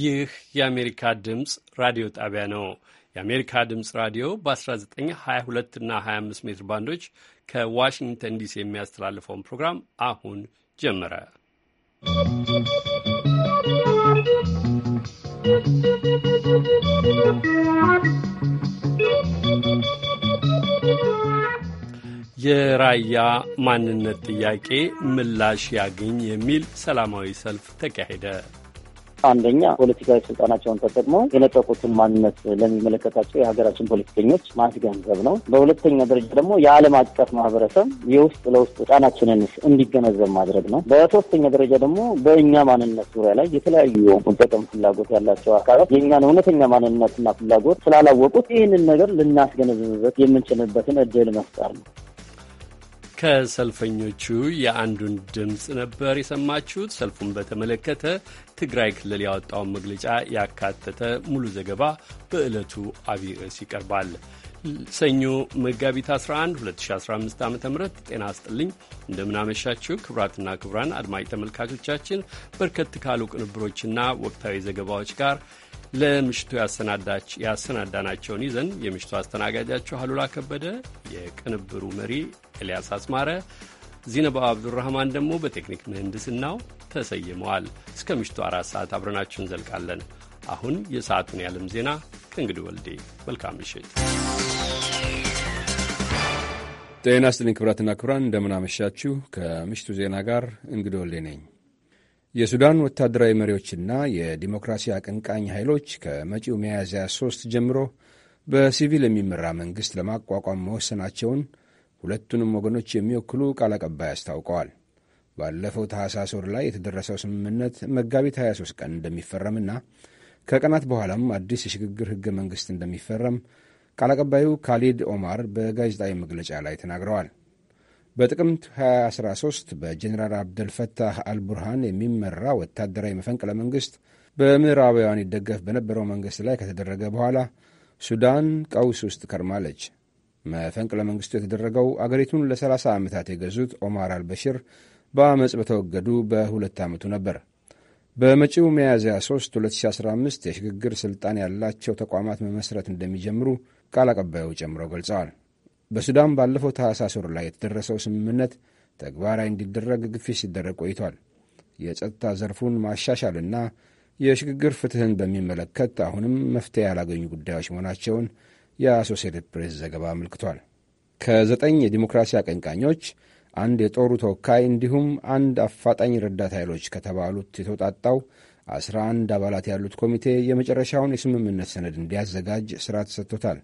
ይህ የአሜሪካ ድምፅ ራዲዮ ጣቢያ ነው። የአሜሪካ ድምፅ ራዲዮ በ1922 እና 25 ሜትር ባንዶች ከዋሽንግተን ዲሲ የሚያስተላልፈውን ፕሮግራም አሁን ጀመረ። የራያ ማንነት ጥያቄ ምላሽ ያገኝ የሚል ሰላማዊ ሰልፍ ተካሄደ። አንደኛ ፖለቲካዊ ስልጣናቸውን ተጠቅመው የነጠቁትን ማንነት ለሚመለከታቸው የሀገራችን ፖለቲከኞች ማስገንዘብ ነው። በሁለተኛ ደረጃ ደግሞ የዓለም አቀፍ ማህበረሰብ የውስጥ ለውስጥ ጫናችንን እንዲገነዘብ ማድረግ ነው። በሶስተኛ ደረጃ ደግሞ በእኛ ማንነት ዙሪያ ላይ የተለያዩ ጥቅም ፍላጎት ያላቸው አካላት የእኛን እውነተኛ ማንነትና ፍላጎት ስላላወቁት ይህንን ነገር ልናስገነዝብበት የምንችልበትን እድል መፍጠር ነው። ከሰልፈኞቹ የአንዱን ድምፅ ነበር የሰማችሁት። ሰልፉን በተመለከተ ትግራይ ክልል ያወጣውን መግለጫ ያካተተ ሙሉ ዘገባ በዕለቱ አብይ ርዕስ ይቀርባል። ሰኞ መጋቢት 11 2015 ዓ ም ጤና አስጥልኝ እንደምናመሻችሁ ክቡራትና ክቡራን አድማጭ ተመልካቾቻችን በርከት ካሉ ቅንብሮችና ወቅታዊ ዘገባዎች ጋር ለምሽቱ ያሰናዳናቸውን ይዘን የምሽቱ አስተናጋጃቸው አሉላ ከበደ፣ የቅንብሩ መሪ ኤልያስ አስማረ፣ ዚነባ አብዱራህማን ደግሞ በቴክኒክ ምህንድስናው ተሰይመዋል። እስከ ምሽቱ አራት ሰዓት አብረናችሁ እንዘልቃለን። አሁን የሰዓቱን የዓለም ዜና ከእንግዲህ ወልዴ። መልካም ምሽት። ጤና ይስጥልኝ ክብራትና ክብራን እንደምናመሻችሁ። ከምሽቱ ዜና ጋር እንግዲህ ወልዴ ነኝ። የሱዳን ወታደራዊ መሪዎችና የዲሞክራሲ አቀንቃኝ ኃይሎች ከመጪው ሚያዝያ 3 ጀምሮ በሲቪል የሚመራ መንግሥት ለማቋቋም መወሰናቸውን ሁለቱንም ወገኖች የሚወክሉ ቃል አቀባይ አስታውቀዋል። ባለፈው ታህሳስ ወር ላይ የተደረሰው ስምምነት መጋቢት 23 ቀን እንደሚፈረምና ከቀናት በኋላም አዲስ የሽግግር ሕገ መንግሥት እንደሚፈረም ቃል አቀባዩ ካሊድ ኦማር በጋዜጣዊ መግለጫ ላይ ተናግረዋል። በጥቅምት 2013 በጀኔራል አብደልፈታህ አልቡርሃን የሚመራ ወታደራዊ መፈንቅለ መንግሥት በምዕራባውያን ይደገፍ በነበረው መንግሥት ላይ ከተደረገ በኋላ ሱዳን ቀውስ ውስጥ ከርማለች። መፈንቅለ መንግሥቱ የተደረገው አገሪቱን ለ30 ዓመታት የገዙት ኦማር አልበሽር በአመፅ በተወገዱ በሁለት ዓመቱ ነበር። በመጪው ሚያዝያ 3 2015 የሽግግር ሥልጣን ያላቸው ተቋማት መመስረት እንደሚጀምሩ ቃል አቀባዩ ጨምረው ገልጸዋል። በሱዳን ባለፈው ታህሳስ ወር ላይ የተደረሰው ስምምነት ተግባራዊ እንዲደረግ ግፊት ሲደረግ ቆይቷል። የጸጥታ ዘርፉን ማሻሻልና የሽግግር ፍትህን በሚመለከት አሁንም መፍትሄ ያላገኙ ጉዳዮች መሆናቸውን የአሶሴትድ ፕሬስ ዘገባ አመልክቷል። ከዘጠኝ የዲሞክራሲ አቀንቃኞች አንድ የጦሩ ተወካይ እንዲሁም አንድ አፋጣኝ ረዳት ኃይሎች ከተባሉት የተውጣጣው አስራ አንድ አባላት ያሉት ኮሚቴ የመጨረሻውን የስምምነት ሰነድ እንዲያዘጋጅ ስራ ተሰጥቶታል።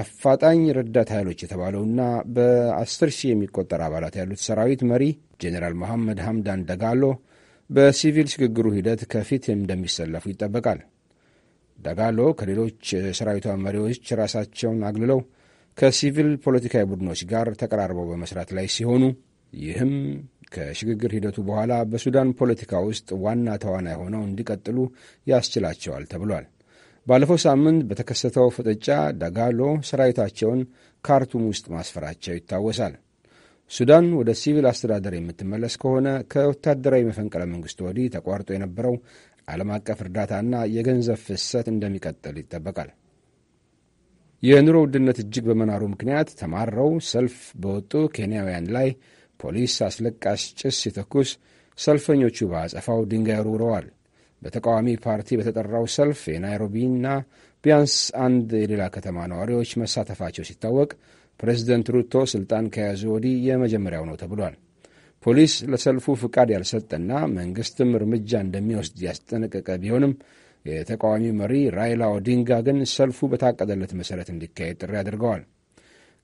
አፋጣኝ ረዳት ኃይሎች የተባለውና በአስር ሺህ የሚቆጠር አባላት ያሉት ሰራዊት መሪ ጄኔራል መሐመድ ሐምዳን ደጋሎ በሲቪል ሽግግሩ ሂደት ከፊት እንደሚሰለፉ ይጠበቃል። ደጋሎ ከሌሎች የሰራዊቷ መሪዎች ራሳቸውን አግልለው ከሲቪል ፖለቲካዊ ቡድኖች ጋር ተቀራርበው በመስራት ላይ ሲሆኑ ይህም ከሽግግር ሂደቱ በኋላ በሱዳን ፖለቲካ ውስጥ ዋና ተዋናይ ሆነው እንዲቀጥሉ ያስችላቸዋል ተብሏል። ባለፈው ሳምንት በተከሰተው ፍጥጫ ዳጋሎ ሰራዊታቸውን ካርቱም ውስጥ ማስፈራቸው ይታወሳል። ሱዳን ወደ ሲቪል አስተዳደር የምትመለስ ከሆነ ከወታደራዊ መፈንቅለ መንግስት ወዲህ ተቋርጦ የነበረው ዓለም አቀፍ እርዳታና የገንዘብ ፍሰት እንደሚቀጥል ይጠበቃል። የኑሮ ውድነት እጅግ በመናሩ ምክንያት ተማረው ሰልፍ በወጡ ኬንያውያን ላይ ፖሊስ አስለቃሽ ጭስ ሲተኩስ ሰልፈኞቹ በአጸፋው ድንጋይ ወርውረዋል። በተቃዋሚ ፓርቲ በተጠራው ሰልፍ የናይሮቢና ቢያንስ አንድ የሌላ ከተማ ነዋሪዎች መሳተፋቸው ሲታወቅ ፕሬዚደንት ሩቶ ስልጣን ከያዙ ወዲህ የመጀመሪያው ነው ተብሏል። ፖሊስ ለሰልፉ ፍቃድ ያልሰጠና መንግስትም እርምጃ እንደሚወስድ ያስጠነቀቀ ቢሆንም የተቃዋሚ መሪ ራይላ ኦዲንጋ ግን ሰልፉ በታቀደለት መሠረት እንዲካሄድ ጥሪ አድርገዋል።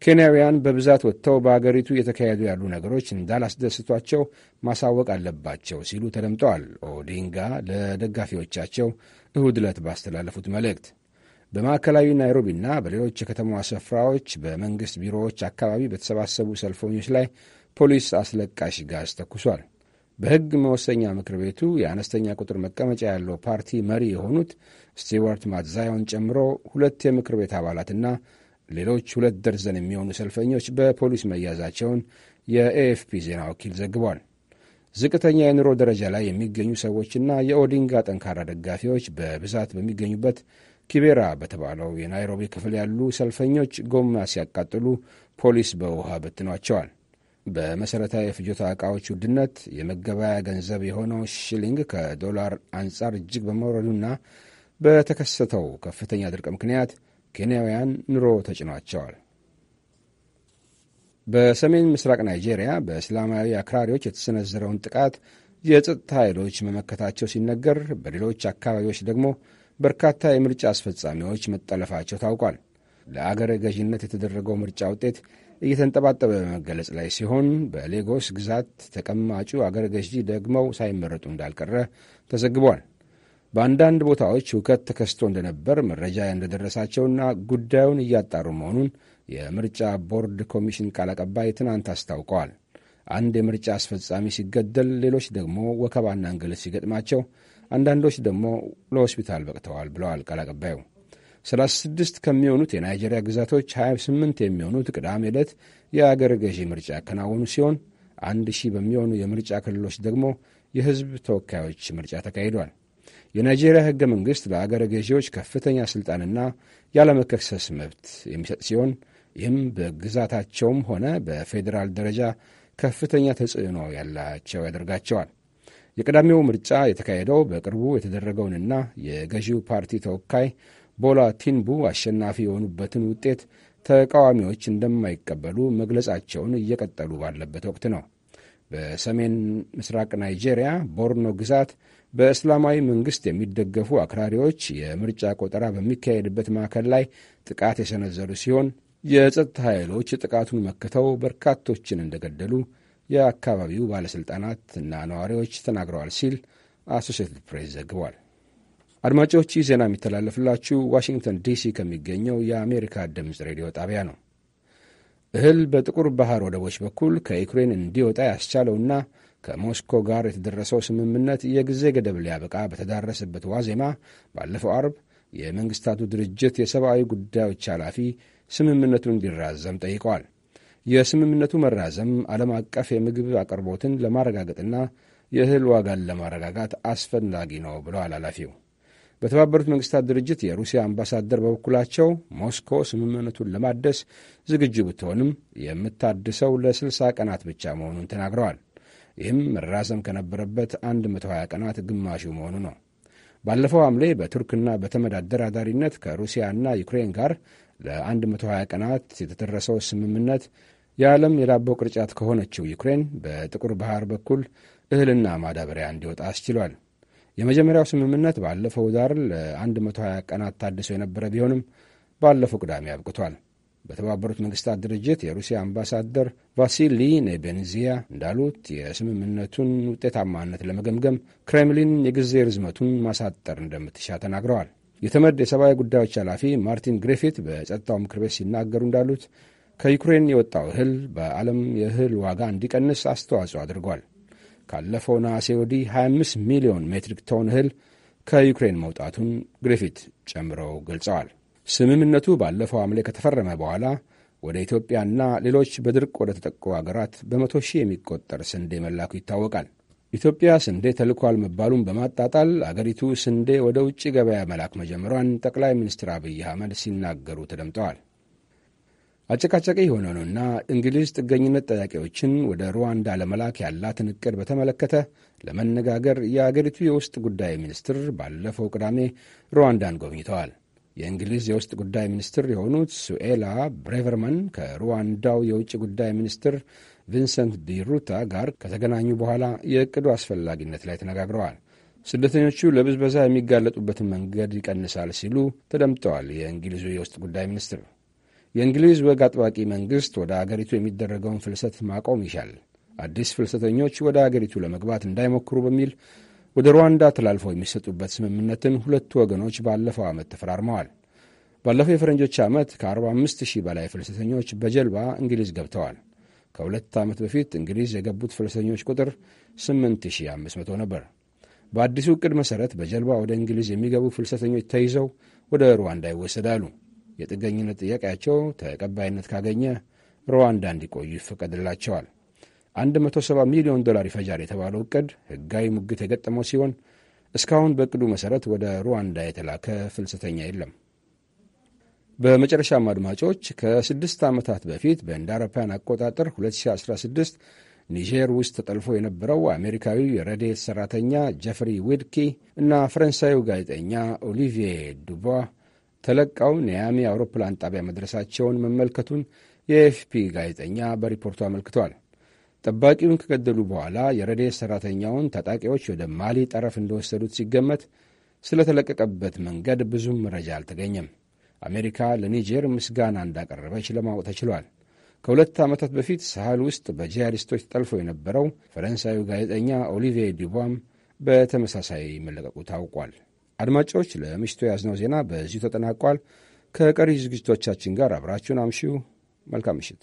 ኬንያውያን በብዛት ወጥተው በአገሪቱ እየተካሄዱ ያሉ ነገሮች እንዳላስደስቷቸው ማሳወቅ አለባቸው ሲሉ ተደምጠዋል። ኦዲንጋ ለደጋፊዎቻቸው እሁድ ዕለት ባስተላለፉት መልእክት በማዕከላዊ ናይሮቢና በሌሎች የከተማዋ ስፍራዎች በመንግሥት ቢሮዎች አካባቢ በተሰባሰቡ ሰልፈኞች ላይ ፖሊስ አስለቃሽ ጋዝ ተኩሷል። በሕግ መወሰኛ ምክር ቤቱ የአነስተኛ ቁጥር መቀመጫ ያለው ፓርቲ መሪ የሆኑት ስቲዋርት ማትዛዮን ጨምሮ ሁለት የምክር ቤት አባላትና ሌሎች ሁለት ደርዘን የሚሆኑ ሰልፈኞች በፖሊስ መያዛቸውን የኤኤፍፒ ዜና ወኪል ዘግቧል። ዝቅተኛ የኑሮ ደረጃ ላይ የሚገኙ ሰዎችና የኦዲንጋ ጠንካራ ደጋፊዎች በብዛት በሚገኙበት ኪቤራ በተባለው የናይሮቢ ክፍል ያሉ ሰልፈኞች ጎማ ሲያቃጥሉ ፖሊስ በውሃ በትኗቸዋል። በመሠረታዊ የፍጆታ ዕቃዎች ውድነት የመገበያያ ገንዘብ የሆነው ሽሊንግ ከዶላር አንጻር እጅግ በመውረዱና በተከሰተው ከፍተኛ ድርቅ ምክንያት ኬንያውያን ኑሮ ተጭኗቸዋል። በሰሜን ምስራቅ ናይጄሪያ በእስላማዊ አክራሪዎች የተሰነዘረውን ጥቃት የጸጥታ ኃይሎች መመከታቸው ሲነገር፣ በሌሎች አካባቢዎች ደግሞ በርካታ የምርጫ አስፈጻሚዎች መጠለፋቸው ታውቋል። ለአገረ ገዥነት የተደረገው ምርጫ ውጤት እየተንጠባጠበ በመገለጽ ላይ ሲሆን በሌጎስ ግዛት ተቀማጩ አገረ ገዢ ደግመው ሳይመረጡ እንዳልቀረ ተዘግቧል። በአንዳንድ ቦታዎች ሁከት ተከስቶ እንደነበር መረጃ እንደደረሳቸውና ጉዳዩን እያጣሩ መሆኑን የምርጫ ቦርድ ኮሚሽን ቃል አቀባይ ትናንት አስታውቀዋል። አንድ የምርጫ አስፈጻሚ ሲገደል፣ ሌሎች ደግሞ ወከባና እንግልት ሲገጥማቸው፣ አንዳንዶች ደግሞ ለሆስፒታል በቅተዋል ብለዋል ቃል አቀባዩ። 36 ከሚሆኑት የናይጄሪያ ግዛቶች 28 የሚሆኑት ቅዳሜ ዕለት የአገር ገዢ ምርጫ ያከናወኑ ሲሆን አንድ ሺህ በሚሆኑ የምርጫ ክልሎች ደግሞ የሕዝብ ተወካዮች ምርጫ ተካሂዷል። የናይጄሪያ ህገ መንግሥት በአገረ ገዢዎች ከፍተኛ ሥልጣንና ያለመከሰስ መብት የሚሰጥ ሲሆን ይህም በግዛታቸውም ሆነ በፌዴራል ደረጃ ከፍተኛ ተጽዕኖ ያላቸው ያደርጋቸዋል። የቀዳሚው ምርጫ የተካሄደው በቅርቡ የተደረገውንና የገዢው ፓርቲ ተወካይ ቦላ ቲንቡ አሸናፊ የሆኑበትን ውጤት ተቃዋሚዎች እንደማይቀበሉ መግለጻቸውን እየቀጠሉ ባለበት ወቅት ነው። በሰሜን ምስራቅ ናይጄሪያ ቦርኖ ግዛት በእስላማዊ መንግሥት የሚደገፉ አክራሪዎች የምርጫ ቆጠራ በሚካሄድበት ማዕከል ላይ ጥቃት የሰነዘሩ ሲሆን የጸጥታ ኃይሎች ጥቃቱን መክተው በርካቶችን እንደገደሉ የአካባቢው ባለሥልጣናት እና ነዋሪዎች ተናግረዋል ሲል አሶሴትድ ፕሬስ ዘግቧል። አድማጮች ይህ ዜና የሚተላለፍላችሁ ዋሽንግተን ዲሲ ከሚገኘው የአሜሪካ ድምፅ ሬዲዮ ጣቢያ ነው። እህል በጥቁር ባህር ወደቦች በኩል ከዩክሬን እንዲወጣ ያስቻለውና ከሞስኮ ጋር የተደረሰው ስምምነት የጊዜ ገደብ ሊያበቃ በተዳረሰበት ዋዜማ ባለፈው አርብ የመንግስታቱ ድርጅት የሰብአዊ ጉዳዮች ኃላፊ ስምምነቱ እንዲራዘም ጠይቀዋል። የስምምነቱ መራዘም ዓለም አቀፍ የምግብ አቅርቦትን ለማረጋገጥና የእህል ዋጋን ለማረጋጋት አስፈላጊ ነው ብለዋል ኃላፊው። በተባበሩት መንግስታት ድርጅት የሩሲያ አምባሳደር በበኩላቸው ሞስኮ ስምምነቱን ለማደስ ዝግጁ ብትሆንም የምታድሰው ለስልሳ ቀናት ብቻ መሆኑን ተናግረዋል። ይህም መራዘም ከነበረበት 120 ቀናት ግማሹ መሆኑ ነው። ባለፈው ሐምሌ በቱርክና በተመድ አደራዳሪነት ከሩሲያና ዩክሬን ጋር ለ120 ቀናት የተደረሰው ስምምነት የዓለም የዳቦ ቅርጫት ከሆነችው ዩክሬን በጥቁር ባህር በኩል እህልና ማዳበሪያ እንዲወጣ አስችሏል። የመጀመሪያው ስምምነት ባለፈው ዳር ለ120 ቀናት ታድሶ የነበረ ቢሆንም ባለፈው ቅዳሜ አብቅቷል። በተባበሩት መንግስታት ድርጅት የሩሲያ አምባሳደር ቫሲሊ ኔቤንዚያ እንዳሉት የስምምነቱን ውጤታማነት ለመገምገም ክሬምሊን የጊዜ ርዝመቱን ማሳጠር እንደምትሻ ተናግረዋል። የተመድ የሰብአዊ ጉዳዮች ኃላፊ ማርቲን ግሪፊት በጸጥታው ምክር ቤት ሲናገሩ እንዳሉት ከዩክሬን የወጣው እህል በዓለም የእህል ዋጋ እንዲቀንስ አስተዋጽኦ አድርጓል። ካለፈው ነሐሴ ወዲህ 25 ሚሊዮን ሜትሪክ ቶን እህል ከዩክሬን መውጣቱን ግሪፊት ጨምረው ገልጸዋል። ስምምነቱ ባለፈው ሐምሌ ከተፈረመ በኋላ ወደ ኢትዮጵያና ሌሎች በድርቅ ወደ ተጠቁ አገራት በመቶ ሺህ የሚቆጠር ስንዴ መላኩ ይታወቃል። ኢትዮጵያ ስንዴ ተልኳል መባሉን በማጣጣል አገሪቱ ስንዴ ወደ ውጭ ገበያ መላክ መጀመሯን ጠቅላይ ሚኒስትር አብይ አህመድ ሲናገሩ ተደምጠዋል። አጨቃጨቂ የሆነ እንግሊዝ ጥገኝነት ጠያቂዎችን ወደ ሩዋንዳ ለመላክ ያላትን እቅድ በተመለከተ ለመነጋገር የአገሪቱ የውስጥ ጉዳይ ሚኒስትር ባለፈው ቅዳሜ ሩዋንዳን ጎብኝተዋል። የእንግሊዝ የውስጥ ጉዳይ ሚኒስትር የሆኑት ሱኤላ ብሬቨርማን ከሩዋንዳው የውጭ ጉዳይ ሚኒስትር ቪንሰንት ቢሩታ ጋር ከተገናኙ በኋላ የእቅዱ አስፈላጊነት ላይ ተነጋግረዋል። ስደተኞቹ ለብዝበዛ የሚጋለጡበትን መንገድ ይቀንሳል ሲሉ ተደምጠዋል። የእንግሊዙ የውስጥ ጉዳይ ሚኒስትር የእንግሊዝ ወግ አጥባቂ መንግሥት ወደ አገሪቱ የሚደረገውን ፍልሰት ማቆም ይሻል፣ አዲስ ፍልሰተኞች ወደ አገሪቱ ለመግባት እንዳይሞክሩ በሚል ወደ ሩዋንዳ ተላልፈው የሚሰጡበት ስምምነትን ሁለቱ ወገኖች ባለፈው ዓመት ተፈራርመዋል። ባለፈው የፈረንጆች ዓመት ከ45 ሺህ በላይ ፍልሰተኞች በጀልባ እንግሊዝ ገብተዋል። ከሁለት ዓመት በፊት እንግሊዝ የገቡት ፍልሰተኞች ቁጥር 8500 ነበር። በአዲሱ ዕቅድ መሠረት በጀልባ ወደ እንግሊዝ የሚገቡ ፍልሰተኞች ተይዘው ወደ ሩዋንዳ ይወሰዳሉ። የጥገኝነት ጥያቄያቸው ተቀባይነት ካገኘ ሩዋንዳ እንዲቆዩ ይፈቀድላቸዋል። 170 ሚሊዮን ዶላር ይፈጃል የተባለው እቅድ ህጋዊ ሙግት የገጠመው ሲሆን እስካሁን በእቅዱ መሠረት ወደ ሩዋንዳ የተላከ ፍልሰተኛ የለም። በመጨረሻም አድማጮች ከስድስት ዓመታት በፊት በእንደ አውሮፓውያን አቆጣጠር 2016 ኒጀር ውስጥ ተጠልፎ የነበረው አሜሪካዊው የረድኤት ሠራተኛ ጀፍሪ ዊድኪ እና ፈረንሳዩ ጋዜጠኛ ኦሊቪዬ ዱቧ ተለቀው ኒያሚ አውሮፕላን ጣቢያ መድረሳቸውን መመልከቱን የኤፍፒ ጋዜጠኛ በሪፖርቱ አመልክቷል። ጠባቂውን ከገደሉ በኋላ የረድኤት ሠራተኛውን ታጣቂዎች ወደ ማሊ ጠረፍ እንደወሰዱት ሲገመት ስለተለቀቀበት መንገድ ብዙም መረጃ አልተገኘም። አሜሪካ ለኒጀር ምስጋና እንዳቀረበች ለማወቅ ተችሏል። ከሁለት ዓመታት በፊት ሳህል ውስጥ በጂሃዲስቶች ተጠልፎ የነበረው ፈረንሳዩ ጋዜጠኛ ኦሊቬ ዲቧም በተመሳሳይ መለቀቁ ታውቋል። አድማጮች፣ ለምሽቱ የያዝነው ዜና በዚሁ ተጠናቋል። ከቀሪ ዝግጅቶቻችን ጋር አብራችሁን አምሺው። መልካም ምሽት።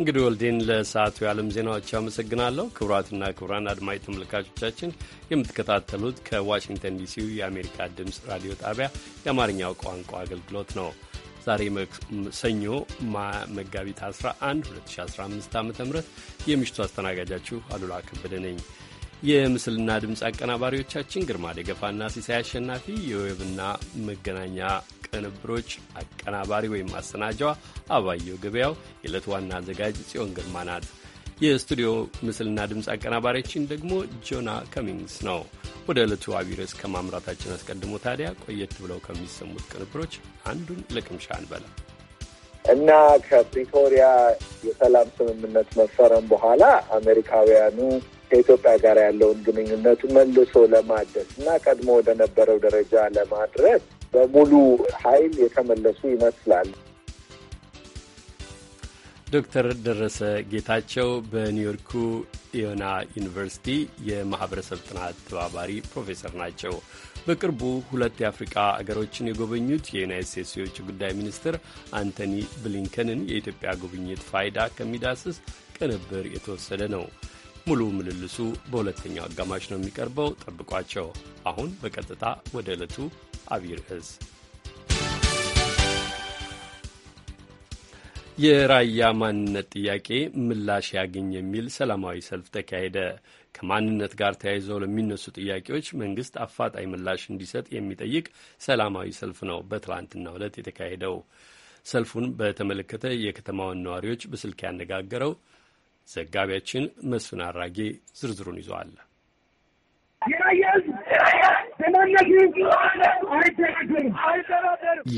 እንግዲህ ወልዴን ለሰዓቱ የዓለም ዜናዎች አመሰግናለሁ። ክቡራትና ክቡራን አድማጭ ተመልካቾቻችን የምትከታተሉት ከዋሽንግተን ዲሲው የአሜሪካ ድምፅ ራዲዮ ጣቢያ የአማርኛው ቋንቋ አገልግሎት ነው። ዛሬ ሰኞ መጋቢት 11 2015 ዓ ም የምሽቱ አስተናጋጃችሁ አሉላ ከበደ ነኝ። የምስልና ድምፅ አቀናባሪዎቻችን ግርማ ደገፋና ሲሳይ አሸናፊ፣ የዌብና መገናኛ ቅንብሮች አቀናባሪ ወይም ማሰናጃዋ አባየው ገበያው፣ የዕለት ዋና አዘጋጅ ጽዮን ግርማ ናት። የስቱዲዮ ምስልና ድምፅ አቀናባሪያችን ደግሞ ጆና ከሚንግስ ነው። ወደ ዕለቱ አቢረስ ከማምራታችን አስቀድሞ ታዲያ ቆየት ብለው ከሚሰሙት ቅንብሮች አንዱን ለቅምሻ አንበላ እና ከፕሪቶሪያ የሰላም ስምምነት መፈረም በኋላ አሜሪካውያኑ ከኢትዮጵያ ጋር ያለውን ግንኙነት መልሶ ለማደስ እና ቀድሞ ወደነበረው ደረጃ ለማድረስ በሙሉ ኃይል የተመለሱ ይመስላል። ዶክተር ደረሰ ጌታቸው በኒውዮርኩ ኢዮና ዩኒቨርሲቲ የማህበረሰብ ጥናት ተባባሪ ፕሮፌሰር ናቸው። በቅርቡ ሁለት የአፍሪቃ አገሮችን የጎበኙት የዩናይት ስቴትስ የውጭ ጉዳይ ሚኒስትር አንቶኒ ብሊንከንን የኢትዮጵያ ጉብኝት ፋይዳ ከሚዳስስ ቅንብር የተወሰደ ነው። ሙሉ ምልልሱ በሁለተኛው አጋማሽ ነው የሚቀርበው። ጠብቋቸው። አሁን በቀጥታ ወደ ዕለቱ አብይ ርዕስ የራያ ማንነት ጥያቄ ምላሽ ያገኝ የሚል ሰላማዊ ሰልፍ ተካሄደ። ከማንነት ጋር ተያይዘው ለሚነሱ ጥያቄዎች መንግስት አፋጣኝ ምላሽ እንዲሰጥ የሚጠይቅ ሰላማዊ ሰልፍ ነው በትላንትና ዕለት የተካሄደው። ሰልፉን በተመለከተ የከተማውን ነዋሪዎች በስልክ ያነጋገረው ዘጋቢያችን መስፍን አራጌ ዝርዝሩን ይዘዋል።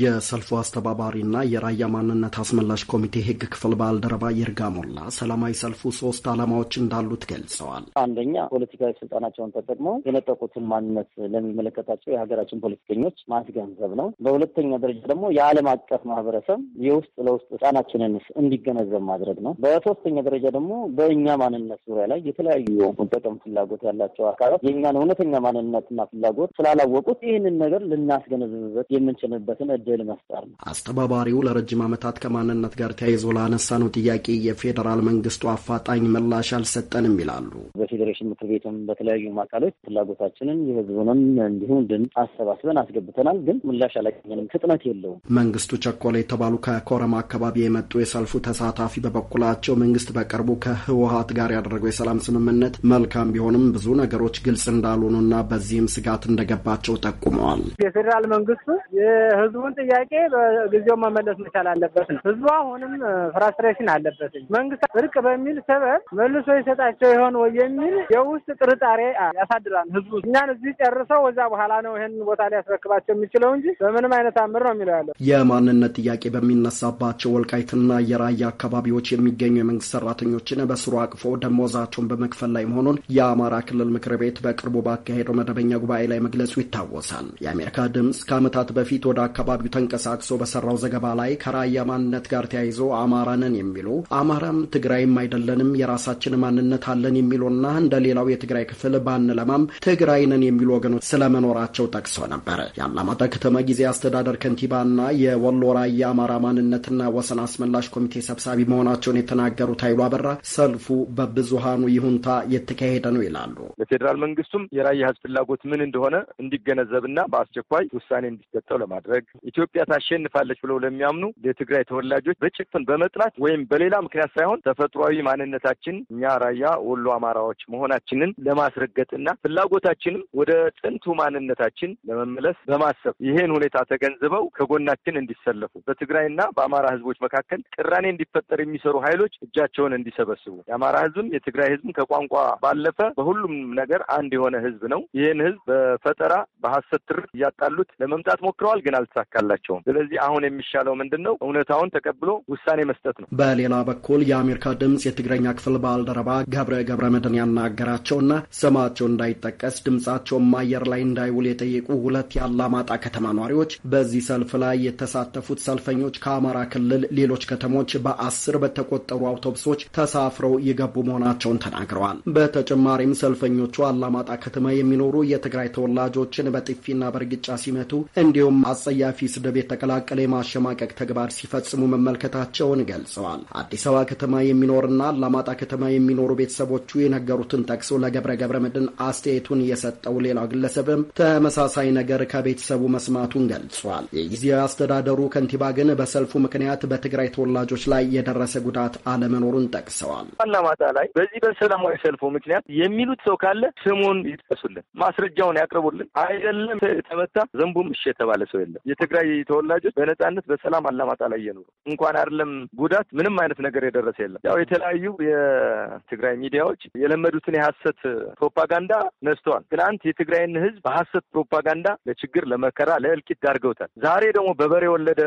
የሰልፉ አስተባባሪና የራያ ማንነት አስመላሽ ኮሚቴ ህግ ክፍል ባልደረባ ይርጋ ሞላ ሰላማዊ ሰልፉ ሶስት ዓላማዎች እንዳሉት ገልጸዋል። አንደኛ ፖለቲካዊ ስልጣናቸውን ተጠቅመው የነጠቁትን ማንነት ለሚመለከታቸው የሀገራችን ፖለቲከኞች ማስገንዘብ ነው። በሁለተኛ ደረጃ ደግሞ የዓለም አቀፍ ማህበረሰብ የውስጥ ለውስጥ ህጻናችንን እንዲገነዘብ ማድረግ ነው። በሶስተኛ ደረጃ ደግሞ በእኛ ማንነት ዙሪያ ላይ የተለያዩ ጥቅም ፍላጎት ያላቸው አካላት የእኛን እውነተኛ ማንነትና ፍላጎት ስላላወቁት ይህንን ነገር ልናስገነዝብበት የምንችልበትን እድል መፍጠር ነው። አስተባባሪው ለረጅም ዓመታት ከማንነት ጋር ተያይዞ ላነሳነው ጥያቄ የፌዴራል መንግስቱ አፋጣኝ ምላሽ አልሰጠንም ይላሉ። በፌዴሬሽን ምክር ቤትም በተለያዩ አካሎች ፍላጎታችንን የህዝቡንም እንዲሁም ድን አሰባስበን አስገብተናል፣ ግን ምላሽ አላገኘንም። ፍጥነት የለውም። መንግስቱ ቸኮለ የተባሉ ከኮረማ አካባቢ የመጡ የሰልፉ ተሳታፊ በበኩላቸው መንግስት በቅርቡ ከህወሀት ጋር ያደረገው የሰላም ስምምነት መልካም ቢሆንም ብዙ ነገሮች ግልጽ እንዳልሆኑና በዚህም ስጋት እንደ እንደገባቸው ጠቁመዋል። የፌዴራል መንግስቱ የህዝቡን ጥያቄ በጊዜው መመለስ መቻል አለበት ነው። ህዝቡ አሁንም ፍራስትሬሽን አለበት። መንግስት እርቅ በሚል ሰበብ መልሶ ይሰጣቸው ይሆን ወይ የሚል የውስጥ ጥርጣሬ ያሳድራል ህዝቡ። እኛን እዚህ ጨርሰው ወዛ በኋላ ነው ይህን ቦታ ሊያስረክባቸው የሚችለው እንጂ በምንም አይነት አምር ነው የሚለው ያለው። የማንነት ጥያቄ በሚነሳባቸው ወልቃይትና የራያ አካባቢዎች የሚገኙ የመንግስት ሰራተኞችን በስሩ አቅፎ ደሞዛቸውን በመክፈል ላይ መሆኑን የአማራ ክልል ምክር ቤት በቅርቡ ባካሄደው መደበኛ ጉባኤ ላይ መግለጹ ይታወሳል። የአሜሪካ ድምፅ ከዓመታት በፊት ወደ አካባቢው ተንቀሳቅሶ በሰራው ዘገባ ላይ ከራያ ማንነት ጋር ተያይዞ አማራነን የሚሉ አማራም ትግራይም አይደለንም የራሳችን ማንነት አለን የሚሉና እንደ ሌላው የትግራይ ክፍል ባንለማም ትግራይነን የሚሉ ወገኖች ስለመኖራቸው ጠቅሶ ነበር። የአላማጣ ከተማ ጊዜ አስተዳደር ከንቲባና የወሎ ራያ አማራ ማንነትና ወሰን አስመላሽ ኮሚቴ ሰብሳቢ መሆናቸውን የተናገሩት ኃይሉ አበራ ሰልፉ በብዙሃኑ ይሁንታ የተካሄደ ነው ይላሉ። ለፌዴራል መንግስቱም የራያ ህዝብ ፍላጎት ምን እንደሆነ እንዲገነዘብና በአስቸኳይ ውሳኔ እንዲሰጠው ለማድረግ ኢትዮጵያ ታሸንፋለች ብለው ለሚያምኑ የትግራይ ተወላጆች በጭፍን በመጥላት ወይም በሌላ ምክንያት ሳይሆን ተፈጥሯዊ ማንነታችን እኛ ራያ ወሎ አማራዎች መሆናችንን ለማስረገጥና ፍላጎታችንም ወደ ጥንቱ ማንነታችን ለመመለስ በማሰብ ይህን ሁኔታ ተገንዝበው ከጎናችን እንዲሰለፉ በትግራይና በአማራ ህዝቦች መካከል ቅራኔ እንዲፈጠር የሚሰሩ ኃይሎች እጃቸውን እንዲሰበስቡ የአማራ ህዝብም የትግራይ ህዝብም ከቋንቋ ባለፈ በሁሉም ነገር አንድ የሆነ ህዝብ ነው። ይህን ህዝብ ፈጠራ በሀሰት ትርክ እያጣሉት ለመምጣት ሞክረዋል፣ ግን አልተሳካላቸውም። ስለዚህ አሁን የሚሻለው ምንድን ነው? እውነታውን ተቀብሎ ውሳኔ መስጠት ነው። በሌላ በኩል የአሜሪካ ድምፅ የትግረኛ ክፍል ባልደረባ ገብረ ገብረ መድን ያናገራቸውና ስማቸው እንዳይጠቀስ ድምፃቸውም አየር ላይ እንዳይውል የጠየቁ ሁለት የአላማጣ ከተማ ነዋሪዎች በዚህ ሰልፍ ላይ የተሳተፉት ሰልፈኞች ከአማራ ክልል ሌሎች ከተሞች በአስር በተቆጠሩ አውቶቡሶች ተሳፍረው የገቡ መሆናቸውን ተናግረዋል። በተጨማሪም ሰልፈኞቹ አላማጣ ከተማ የሚኖሩ የትግራይ ተወላ ወላጆችን በጥፊና በእርግጫ ሲመቱ እንዲሁም አጸያፊ ስድብ የተቀላቀለ የማሸማቀቅ ተግባር ሲፈጽሙ መመልከታቸውን ገልጸዋል። አዲስ አበባ ከተማ የሚኖርና አላማጣ ከተማ የሚኖሩ ቤተሰቦቹ የነገሩትን ጠቅሶ ለገብረ ገብረ መድን አስተያየቱን የሰጠው ሌላው ግለሰብም ተመሳሳይ ነገር ከቤተሰቡ መስማቱን ገልጿል። የጊዜያዊ አስተዳደሩ ከንቲባ ግን በሰልፉ ምክንያት በትግራይ ተወላጆች ላይ የደረሰ ጉዳት አለመኖሩን ጠቅሰዋል። አላማጣ ላይ በዚህ በሰላማዊ ሰልፉ ምክንያት የሚሉት ሰው ካለ ስሙን ይጥቀሱልን፣ ማስረጃውን ያቅርቡ አቀረቡልን አይደለም ተመታ ዘንቡም እሺ የተባለ ሰው የለም። የትግራይ ተወላጆች በነጻነት በሰላም አላማጣ ላይ እየኖሩ እንኳን አይደለም ጉዳት ምንም አይነት ነገር የደረሰ የለም። ያው የተለያዩ የትግራይ ሚዲያዎች የለመዱትን የሀሰት ፕሮፓጋንዳ ነስተዋል። ትናንት የትግራይን ህዝብ በሀሰት ፕሮፓጋንዳ ለችግር፣ ለመከራ፣ ለእልቂት ዳርገውታል። ዛሬ ደግሞ በበሬ የወለደ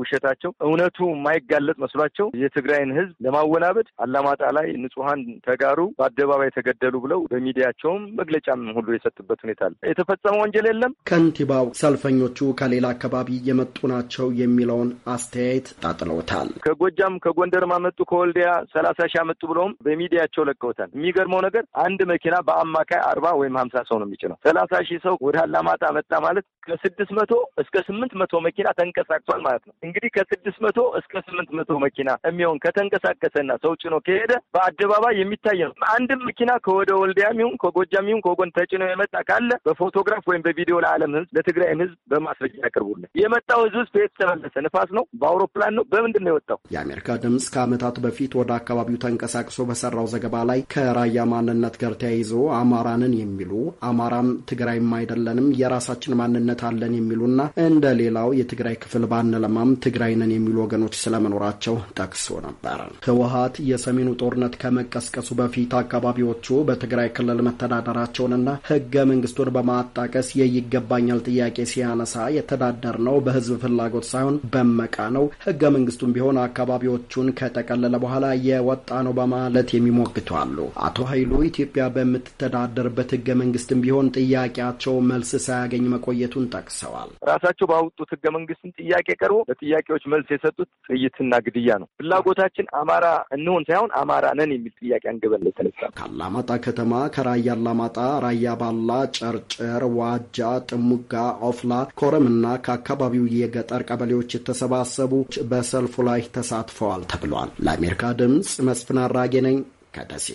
ውሸታቸው እውነቱ የማይጋለጥ መስሏቸው የትግራይን ህዝብ ለማወናበድ አላማጣ ላይ ንጹሀን ተጋሩ በአደባባይ ተገደሉ ብለው በሚዲያቸውም መግለጫም ሁሉ የሰጡበት ሁኔታ አለ። የተፈጸመ ወንጀል የለም። ከንቲባው ሰልፈኞቹ ከሌላ አካባቢ የመጡ ናቸው የሚለውን አስተያየት ጣጥለውታል። ከጎጃም ከጎንደር ማመጡ ከወልዲያ ሰላሳ ሺህ አመጡ ብለውም በሚዲያቸው ለቀውታል። የሚገርመው ነገር አንድ መኪና በአማካይ አርባ ወይም ሀምሳ ሰው ነው የሚጭነው። ሰላሳ ሺህ ሰው ወደ አላማጣ መጣ ማለት ከስድስት መቶ እስከ ስምንት መቶ መኪና ተንቀሳቅሷል ማለት ነው። እንግዲህ ከስድስት መቶ እስከ ስምንት መቶ መኪና የሚሆን ከተንቀሳቀሰና ሰው ጭኖ ከሄደ በአደባባይ የሚታይ ነው። አንድም መኪና ከወደ ወልዲያም ይሁን ከጎጃም ይሁን ከጎን ተጭኖ የመጣ ካለ በፎቶግራፍ ወይም በቪዲዮ ለዓለም ህዝብ ለትግራይም ህዝብ በማስረጃ ያቅርቡልን። የመጣው ህዝብ ውስጥ የተመለሰ ንፋስ ነው፣ በአውሮፕላን ነው፣ በምንድን ነው የወጣው? የአሜሪካ ድምፅ ከዓመታት በፊት ወደ አካባቢው ተንቀሳቅሶ በሰራው ዘገባ ላይ ከራያ ማንነት ጋር ተያይዞ አማራንን የሚሉ አማራም ትግራይም አይደለንም የራሳችን ማንነት አለን የሚሉና እንደ ሌላው የትግራይ ክፍል ባንለማም ትግራይንን የሚሉ ወገኖች ስለመኖራቸው ጠቅሶ ነበር። ህወሀት የሰሜኑ ጦርነት ከመቀስቀሱ በፊት አካባቢዎቹ በትግራይ ክልል መተዳደራቸውንና ህገ መንግስቱን በማ ለማጣቀስ የይገባኛል ጥያቄ ሲያነሳ የተዳደር ነው በህዝብ ፍላጎት ሳይሆን በመቃ ነው፣ ህገ መንግስቱም ቢሆን አካባቢዎቹን ከጠቀለለ በኋላ የወጣ ነው በማለት የሚሞግቱ አሉ። አቶ ኃይሉ ኢትዮጵያ በምትተዳደርበት ህገ መንግስትም ቢሆን ጥያቄያቸው መልስ ሳያገኝ መቆየቱን ጠቅሰዋል። ራሳቸው ባወጡት ህገ መንግስትን ጥያቄ ቀርቦ ለጥያቄዎች መልስ የሰጡት ጥይትና ግድያ ነው። ፍላጎታችን አማራ እንሆን ሳይሆን አማራ ነን የሚል ጥያቄ አንገበል የተነሳ ከአላማጣ ከተማ ከራያ አላማጣ፣ ራያ ባላ፣ ጨርጭ ጭር፣ ዋጃ፣ ጥሙጋ፣ ኦፍላ፣ ኮረምና ከአካባቢው የገጠር ቀበሌዎች የተሰባሰቡ በሰልፉ ላይ ተሳትፈዋል ተብሏል። ለአሜሪካ ድምፅ መስፍን አራጌ ነኝ ከደሴ።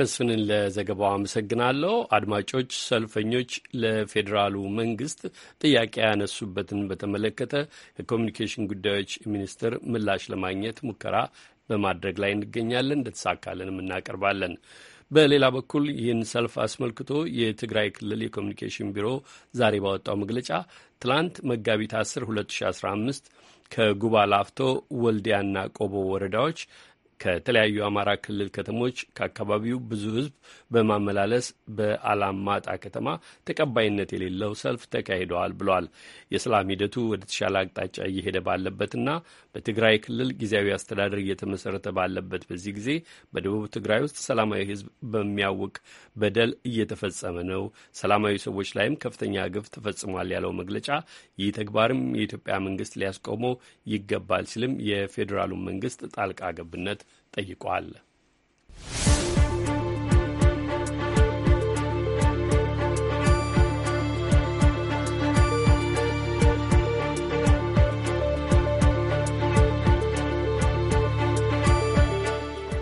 መስፍንን ለዘገባው አመሰግናለሁ። አድማጮች፣ ሰልፈኞች ለፌዴራሉ መንግስት ጥያቄ ያነሱበትን በተመለከተ የኮሚኒኬሽን ጉዳዮች ሚኒስቴር ምላሽ ለማግኘት ሙከራ በማድረግ ላይ እንገኛለን። እንደተሳካልንም እናቀርባለን። በሌላ በኩል ይህን ሰልፍ አስመልክቶ የትግራይ ክልል የኮሚኒኬሽን ቢሮ ዛሬ ባወጣው መግለጫ ትላንት መጋቢት 10 2015 ከጉባ ላፍቶ፣ ወልዲያና ቆቦ ወረዳዎች ከተለያዩ የአማራ ክልል ከተሞች ከአካባቢው ብዙ ሕዝብ በማመላለስ በአላማጣ ከተማ ተቀባይነት የሌለው ሰልፍ ተካሂደዋል ብሏል። የሰላም ሂደቱ ወደ ተሻለ አቅጣጫ እየሄደ ባለበትና በትግራይ ክልል ጊዜያዊ አስተዳደር እየተመሰረተ ባለበት በዚህ ጊዜ በደቡብ ትግራይ ውስጥ ሰላማዊ ሕዝብ በሚያውቅ በደል እየተፈጸመ ነው፣ ሰላማዊ ሰዎች ላይም ከፍተኛ ግፍ ተፈጽሟል ያለው መግለጫ ይህ ተግባርም የኢትዮጵያ መንግስት ሊያስቆመው ይገባል ሲልም የፌዴራሉ መንግስት ጣልቃ ገብነት ጠይቋል።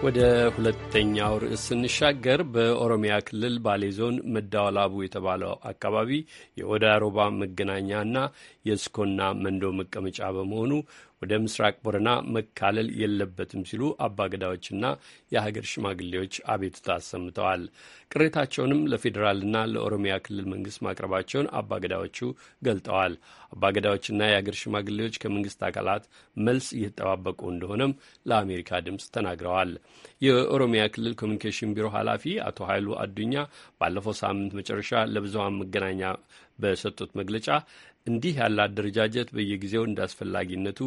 ወደ ሁለተኛው ርዕስ ስንሻገር በኦሮሚያ ክልል ባሌ ዞን መዳወላቡ የተባለው አካባቢ የኦዳ ሮባ መገናኛና የስኮና መንዶ መቀመጫ በመሆኑ ወደ ምስራቅ ቦረና መካለል የለበትም ሲሉ አባገዳዎችና የሀገር ሽማግሌዎች አቤቱታ አሰምተዋል። ቅሬታቸውንም ለፌዴራልና ለኦሮሚያ ክልል መንግስት ማቅረባቸውን አባገዳዎቹ ገልጠዋል። አባገዳዎችና የሀገር ሽማግሌዎች ከመንግስት አካላት መልስ እየተጠባበቁ እንደሆነም ለአሜሪካ ድምፅ ተናግረዋል። የኦሮሚያ ክልል ኮሚኒኬሽን ቢሮ ኃላፊ አቶ ኃይሉ አዱኛ ባለፈው ሳምንት መጨረሻ ለብዙሃን መገናኛ በሰጡት መግለጫ እንዲህ ያለ አደረጃጀት በየጊዜው እንደ አስፈላጊነቱ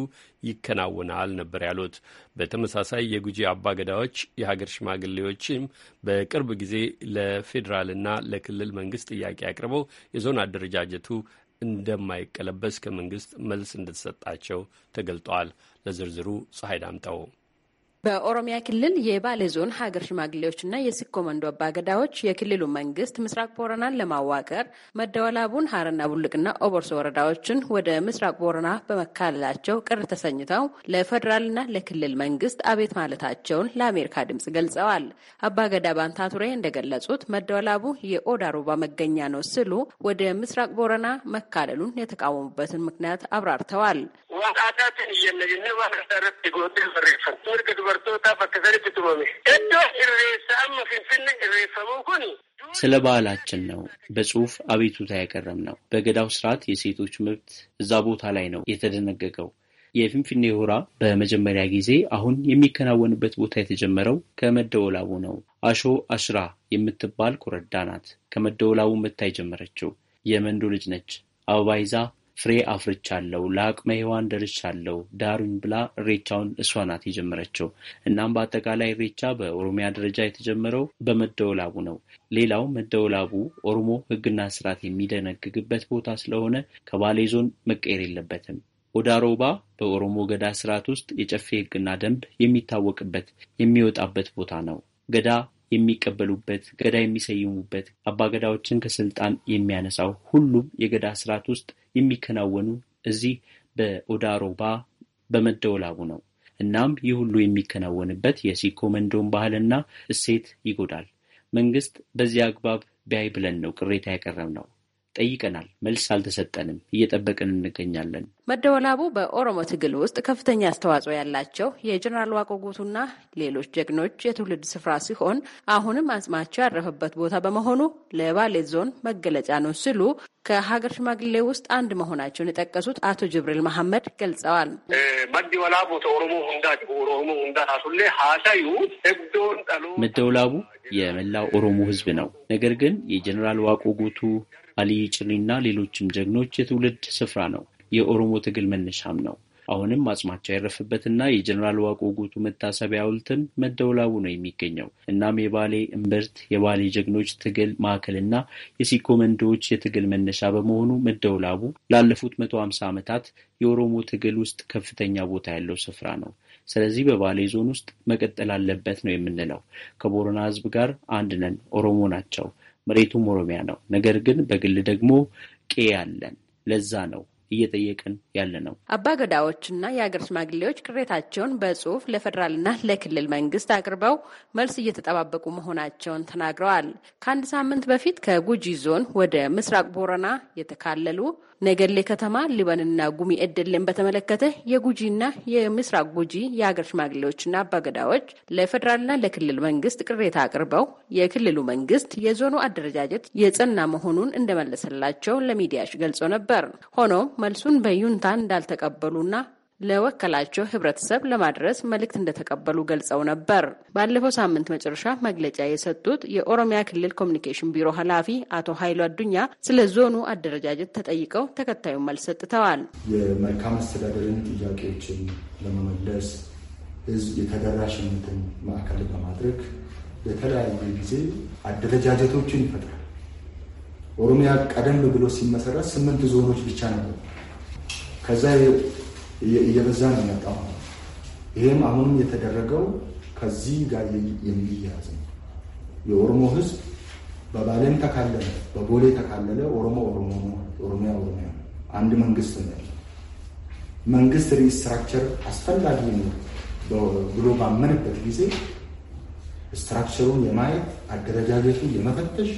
ይከናወናል ነበር ያሉት። በተመሳሳይ የጉጂ አባገዳዎች የሀገር ሽማግሌዎችም በቅርብ ጊዜ ለፌዴራልና ለክልል መንግስት ጥያቄ አቅርበው የዞን አደረጃጀቱ እንደማይቀለበስ ከመንግስት መልስ እንደተሰጣቸው ተገልጧል። ለዝርዝሩ ፀሐይ ዳምጠው በኦሮሚያ ክልል የባሌ ዞን ሀገር ሽማግሌዎችና የሲክ ኮመንዶ አባገዳዎች የክልሉ መንግስት ምስራቅ ቦረናን ለማዋቀር መደወላቡን፣ ሀረና ቡልቅና ኦቦርሶ ወረዳዎችን ወደ ምስራቅ ቦረና በመካለላቸው ቅር ተሰኝተው ለፌዴራልና ለክልል መንግስት አቤት ማለታቸውን ለአሜሪካ ድምጽ ገልጸዋል። አባገዳ ባንታቱሬ እንደገለጹት መደወላቡ የኦዳ ሮባ መገኛ ነው ስሉ ወደ ምስራቅ ቦረና መካለሉን የተቃወሙበትን ምክንያት አብራርተዋል። tumame. Iddoo irreessa amma irreeffamu kun ስለ ባህላችን ነው በጽሁፍ አቤቱታ ያቀረብ ነው። በገዳው ስርዓት የሴቶች መብት እዛ ቦታ ላይ ነው የተደነገገው። የፊንፊኔ ሆራ በመጀመሪያ ጊዜ አሁን የሚከናወንበት ቦታ የተጀመረው ከመደወላቡ ነው። አሾ አሽራ የምትባል ኮረዳ ናት ከመደወላቡ መታ የጀመረችው የመንዶ ልጅ ነች። አበባ ይዛ ፍሬ አፍርቻለሁ፣ ለአቅመ ሔዋን ደርሻለሁ፣ ዳሩኝ ብላ እሬቻውን እሷ ናት የጀመረችው። እናም በአጠቃላይ እሬቻ በኦሮሚያ ደረጃ የተጀመረው በመደወላቡ ነው። ሌላው መደወላቡ ኦሮሞ ሕግና ስርዓት የሚደነግግበት ቦታ ስለሆነ ከባሌ ዞን መቀየር የለበትም። ኦዳሮባ በኦሮሞ ገዳ ስርዓት ውስጥ የጨፌ ሕግና ደንብ የሚታወቅበት የሚወጣበት ቦታ ነው። ገዳ የሚቀበሉበት፣ ገዳ የሚሰይሙበት፣ አባገዳዎችን ከስልጣን የሚያነሳው ሁሉም የገዳ ስርዓት ውስጥ የሚከናወኑ እዚህ በኦዳሮባ በመደወላቡ ነው። እናም ይህ ሁሉ የሚከናወንበት የሲኮ መንዶን ባህልና እሴት ይጎዳል። መንግስት በዚህ አግባብ ቢያይ ብለን ነው ቅሬታ ያቀረብ ነው። ጠይቀናል። መልስ አልተሰጠንም። እየጠበቅን እንገኛለን። መደወላቡ በኦሮሞ ትግል ውስጥ ከፍተኛ አስተዋጽኦ ያላቸው የጀኔራል ዋቆ ጉቱና ሌሎች ጀግኖች የትውልድ ስፍራ ሲሆን አሁንም አጽማቸው ያረፈበት ቦታ በመሆኑ ለባሌ ዞን መገለጫ ነው ሲሉ ከሀገር ሽማግሌ ውስጥ አንድ መሆናቸውን የጠቀሱት አቶ ጅብሪል መሐመድ ገልጸዋል። መደወላቡ ኦሮሞ ሁንዳ ኦሮሞ ሁንዳ ሱሌ ሀሳዩ መደወላቡ የመላው ኦሮሞ ህዝብ ነው። ነገር ግን የጀኔራል ዋቆ ጉቱ አሊ ጭሪና ሌሎችም ጀግኖች የትውልድ ስፍራ ነው። የኦሮሞ ትግል መነሻም ነው። አሁንም አጽማቸው ያረፈበትና የጀኔራል ዋቆ ጉቱ መታሰቢያ ሐውልትም መደወላቡ ነው የሚገኘው። እናም የባሌ እምብርት የባሌ ጀግኖች ትግል ማዕከልና የሲኮመንዶዎች የትግል መነሻ በመሆኑ መደወላቡ ላለፉት መቶ ሀምሳ ዓመታት የኦሮሞ ትግል ውስጥ ከፍተኛ ቦታ ያለው ስፍራ ነው። ስለዚህ በባሌ ዞን ውስጥ መቀጠል አለበት ነው የምንለው። ከቦረና ህዝብ ጋር አንድ ነን። ኦሮሞ ናቸው። መሬቱም ኦሮሚያ ነው። ነገር ግን በግል ደግሞ ቄ ያለን ለዛ ነው እየጠየቅን ያለ ነው። አባ ገዳዎችና የሀገር ሽማግሌዎች ቅሬታቸውን በጽሁፍ ለፌዴራልና ለክልል መንግስት አቅርበው መልስ እየተጠባበቁ መሆናቸውን ተናግረዋል። ከአንድ ሳምንት በፊት ከጉጂ ዞን ወደ ምስራቅ ቦረና የተካለሉ ነገሌ ከተማ ሊበንና ጉሚ ኤደሌን በተመለከተ የጉጂና የምስራቅ ጉጂ የሀገር ሽማግሌዎችና አባገዳዎች ለፌዴራልና ለክልል መንግስት ቅሬታ አቅርበው የክልሉ መንግስት የዞኑ አደረጃጀት የጸና መሆኑን እንደመለሰላቸው ለሚዲያሽ ገልጾ ነበር። ሆኖም መልሱን በዩንታ እንዳልተቀበሉና ለወከላቸው ህብረተሰብ ለማድረስ መልእክት እንደተቀበሉ ገልጸው ነበር። ባለፈው ሳምንት መጨረሻ መግለጫ የሰጡት የኦሮሚያ ክልል ኮሚኒኬሽን ቢሮ ኃላፊ አቶ ኃይሉ አዱኛ ስለ ዞኑ አደረጃጀት ተጠይቀው ተከታዩን መልስ ሰጥተዋል። የመልካም አስተዳደርን ጥያቄዎችን ለመመለስ ህዝብ የተደራሽነትን ማዕከል በማድረግ በተለያየ ጊዜ አደረጃጀቶችን ይፈጥራል። ኦሮሚያ ቀደም ብሎ ሲመሰረት ስምንት ዞኖች ብቻ ነበር። ከዛ እየበዛ ነው የመጣው። ይህም አሁንም የተደረገው ከዚህ ጋር የሚያያዝ ነው። የኦሮሞ ህዝብ በባሌም ተካለለ፣ በቦሌ ተካለለ። ኦሮሞ ኦሮሞ ነው፣ ኦሮሚያ ኦሮሚያ ነው። አንድ መንግስት ነው። መንግስት ሪስትራክቸር አስፈላጊ ነው ብሎ ባመንበት ጊዜ ስትራክቸሩን የማየት አደረጃጀቱን የመፈተሽ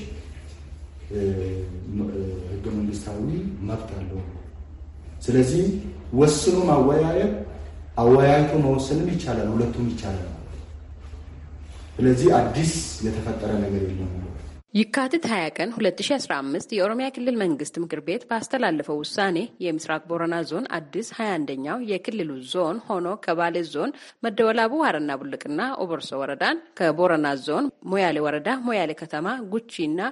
ህገ መንግስታዊ መብት አለው። ስለዚህ ወስኖ ማወያየት አወያይቶ መወሰንም ይቻላል፣ ሁለቱም ይቻላል። ስለዚህ አዲስ የተፈጠረ ነገር የለም። ይካትት 20 ቀን 2015 የኦሮሚያ ክልል መንግስት ምክር ቤት ባስተላለፈው ውሳኔ የምስራቅ ቦረና ዞን አዲስ 21ኛው የክልሉ ዞን ሆኖ ከባሌ ዞን መደወላቡ ዋረና ቡልቅና ኦቦርሶ ወረዳን ከቦረና ዞን ሞያሌ ወረዳ ሞያሌ ከተማ ጉቺና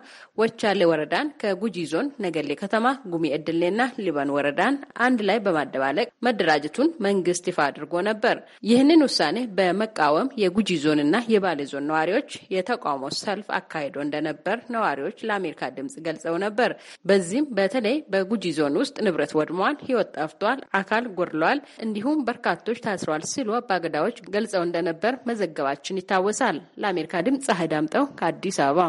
ወቻሌ ወረዳን ከጉጂ ዞን ነገሌ ከተማ ጉሚ እድሌና ሊበን ወረዳን አንድ ላይ በማደባለቅ መደራጀቱን መንግስት ይፋ አድርጎ ነበር። ይህንን ውሳኔ በመቃወም የጉጂ ዞንና የባሌ ዞን ነዋሪዎች የተቃውሞ ሰልፍ አካሂዶ እንደነበር እንደነበር ነዋሪዎች ለአሜሪካ ድምጽ ገልጸው ነበር። በዚህም በተለይ በጉጂ ዞን ውስጥ ንብረት ወድሟል ህይወት ጠፍቷል፣ አካል ጎድለዋል፣ እንዲሁም በርካቶች ታስረዋል ሲሉ አባገዳዎች ገልጸው እንደነበር መዘገባችን ይታወሳል። ለአሜሪካ ድምፅ ፀሐይ ዳምጠው ከአዲስ አበባ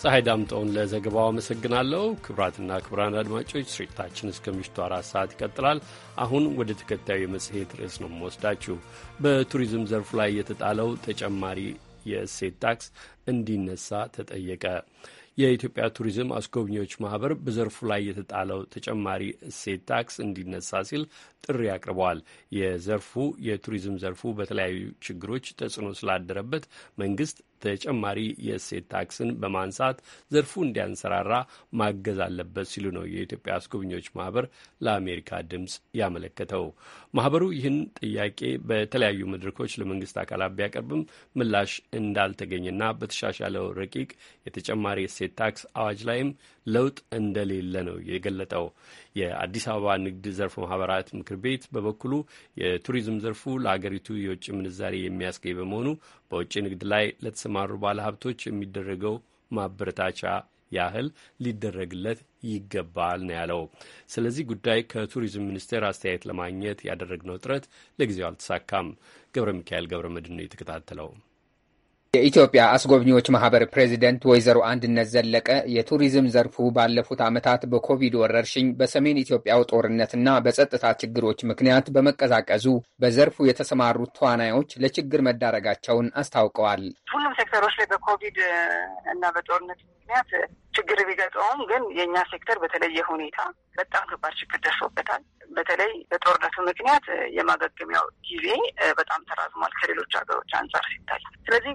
ፀሐይ ዳምጠውን ለዘገባው አመሰግናለሁ። ክቡራትና ክቡራን አድማጮች ስርጭታችን እስከ ምሽቱ አራት ሰዓት ይቀጥላል። አሁን ወደ ተከታዩ የመጽሔት ርዕስ ነው የምወስዳችሁ። በቱሪዝም ዘርፉ ላይ የተጣለው ተጨማሪ የእሴት ታክስ እንዲነሳ ተጠየቀ። የኢትዮጵያ ቱሪዝም አስጎብኚዎች ማህበር በዘርፉ ላይ የተጣለው ተጨማሪ እሴት ታክስ እንዲነሳ ሲል ጥሪ አቅርበዋል። የዘርፉ የቱሪዝም ዘርፉ በተለያዩ ችግሮች ተጽዕኖ ስላደረበት መንግስት ተጨማሪ የእሴት ታክስን በማንሳት ዘርፉ እንዲያንሰራራ ማገዝ አለበት ሲሉ ነው የኢትዮጵያ አስጎብኚዎች ማህበር ለአሜሪካ ድምፅ ያመለከተው። ማህበሩ ይህን ጥያቄ በተለያዩ መድረኮች ለመንግስት አካላት ቢያቀርብም ምላሽ እንዳልተገኘና በተሻሻለው ረቂቅ የተጨማሪ የእሴት ታክስ አዋጅ ላይም ለውጥ እንደሌለ ነው የገለጠው። የአዲስ አበባ ንግድ ዘርፍ ማህበራት ምክር ቤት በበኩሉ የቱሪዝም ዘርፉ ለአገሪቱ የውጭ ምንዛሬ የሚያስገኝ በመሆኑ በውጭ ንግድ ላይ ለተሰማሩ ባለሀብቶች የሚደረገው ማበረታቻ ያህል ሊደረግለት ይገባል ነው ያለው። ስለዚህ ጉዳይ ከቱሪዝም ሚኒስቴር አስተያየት ለማግኘት ያደረግነው ጥረት ለጊዜው አልተሳካም። ገብረ ሚካኤል ገብረ መድን ነው የተከታተለው። የኢትዮጵያ አስጎብኚዎች ማህበር ፕሬዚደንት ወይዘሮ አንድነት ዘለቀ የቱሪዝም ዘርፉ ባለፉት ዓመታት በኮቪድ ወረርሽኝ በሰሜን ኢትዮጵያው ጦርነትና በጸጥታ ችግሮች ምክንያት በመቀዛቀዙ በዘርፉ የተሰማሩት ተዋናዮች ለችግር መዳረጋቸውን አስታውቀዋል። ሁሉም ሴክተሮች ላይ በኮቪድ እና በጦርነት ምክንያት ችግር ቢገጥመውም ግን የእኛ ሴክተር በተለየ ሁኔታ በጣም ከባድ ችግር ደርሶበታል። በተለይ በጦርነቱ ምክንያት የማገገሚያው ጊዜ በጣም ተራዝሟል ከሌሎች ሀገሮች አንጻር ሲታይ። ስለዚህ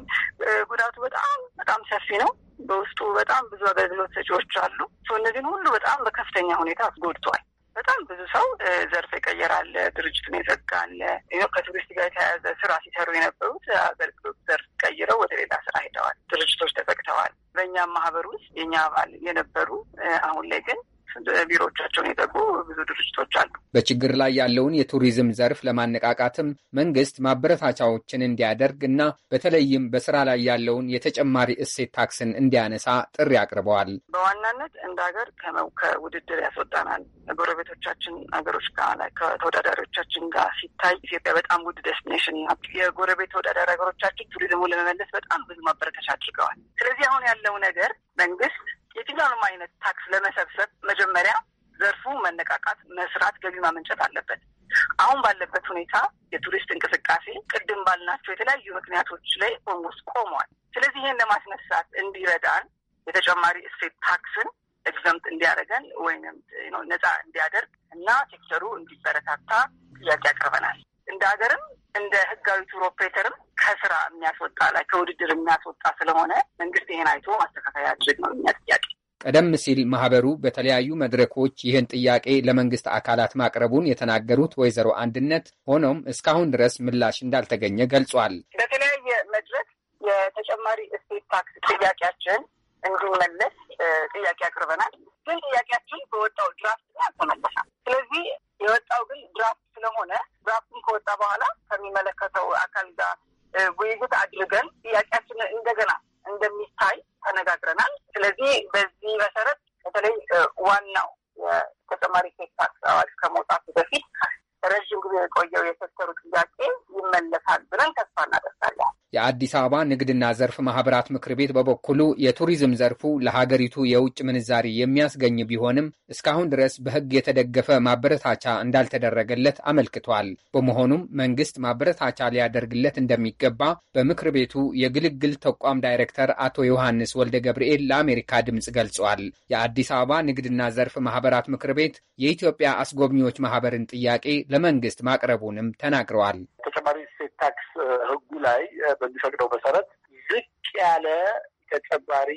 ጉዳቱ በጣም በጣም ሰፊ ነው። በውስጡ በጣም ብዙ አገልግሎት ሰጪዎች አሉ። እነዚህን ሁሉ በጣም በከፍተኛ ሁኔታ ጎድቷል። በጣም ብዙ ሰው ዘርፍ የቀየራለ፣ ድርጅቱን የዘጋለ፣ ከቱሪስት ጋር የተያያዘ ስራ ሲሰሩ የነበሩት የእኛ አባል የነበሩ በችግር ላይ ያለውን የቱሪዝም ዘርፍ ለማነቃቃትም መንግስት ማበረታቻዎችን እንዲያደርግ እና በተለይም በስራ ላይ ያለውን የተጨማሪ እሴት ታክስን እንዲያነሳ ጥሪ አቅርበዋል። በዋናነት እንደ ሀገር ከውድድር ያስወጣናል። ጎረቤቶቻችን ሀገሮች ከተወዳዳሪዎቻችን ጋር ሲታይ ኢትዮጵያ በጣም ውድ ዴስቲኔሽን ናት። የጎረቤት ተወዳዳሪ ሀገሮቻችን ቱሪዝሙ ለመመለስ በጣም ብዙ ማበረታቻ አድርገዋል። ስለዚህ አሁን ያለው ነገር መንግስት የትኛውንም አይነት ታክስ ለመሰብሰብ መጀመሪያ ዘርፉ መነቃቃት፣ መስራት፣ ገቢ ማመንጨት አለበት። አሁን ባለበት ሁኔታ የቱሪስት እንቅስቃሴ ቅድም ባልናቸው የተለያዩ ምክንያቶች ላይ ኦልሞስት ቆመዋል። ስለዚህ ይህን ለማስነሳት እንዲረዳን የተጨማሪ እሴት ታክስን ኤግዘምት እንዲያደርገን ወይም ነፃ እንዲያደርግ እና ሴክተሩ እንዲበረታታ ጥያቄ ያቀርበናል። እንደ ሀገርም እንደ ህጋዊ ቱር ኦፕሬተርም ከስራ የሚያስወጣ ላይ ከውድድር የሚያስወጣ ስለሆነ መንግስት ይሄን አይቶ ማስተካከያ ያድርግ ነው እኛ ጥያቄ። ቀደም ሲል ማህበሩ በተለያዩ መድረኮች ይህን ጥያቄ ለመንግስት አካላት ማቅረቡን የተናገሩት ወይዘሮ አንድነት፣ ሆኖም እስካሁን ድረስ ምላሽ እንዳልተገኘ ገልጿል። በተለያየ መድረክ የተጨማሪ ስቴት ታክስ ጥያቄያችን እንዲመለስ ጥያቄ አቅርበናል። ግን ጥያቄያችን በወጣው ድራፍት ላይ አልተመለሰም። ስለዚህ የወጣው ግን ድራፍት ስለሆነ ድራፍቱን ከወጣ በኋላ ከሚመለከተው አካል ጋር ውይይት አድርገን ጥያቄያችንን እንደገና እንደሚታይ ተነጋግረናል። ስለዚህ በዚህ መሰረት በተለይ ዋናው የተጨማሪ ሴት ታክስ አዋጅ ከመውጣቱ በፊት ረዥም ጊዜ የቆየው የሴክተሩ ጥያቄ ይመለሳል ብለን ተስፋ እናደርጋለን። የአዲስ አበባ ንግድና ዘርፍ ማህበራት ምክር ቤት በበኩሉ የቱሪዝም ዘርፉ ለሀገሪቱ የውጭ ምንዛሪ የሚያስገኝ ቢሆንም እስካሁን ድረስ በህግ የተደገፈ ማበረታቻ እንዳልተደረገለት አመልክቷል። በመሆኑም መንግስት ማበረታቻ ሊያደርግለት እንደሚገባ በምክር ቤቱ የግልግል ተቋም ዳይሬክተር አቶ ዮሐንስ ወልደ ገብርኤል ለአሜሪካ ድምፅ ገልጿል። የአዲስ አበባ ንግድና ዘርፍ ማህበራት ምክር ቤት የኢትዮጵያ አስጎብኚዎች ማህበርን ጥያቄ ለመንግስት ማቅረቡንም ተናግረዋል። ተጨማሪ እሴት ታክስ ህጉ ላይ በሚፈቅደው መሰረት ዝቅ ያለ ተጨማሪ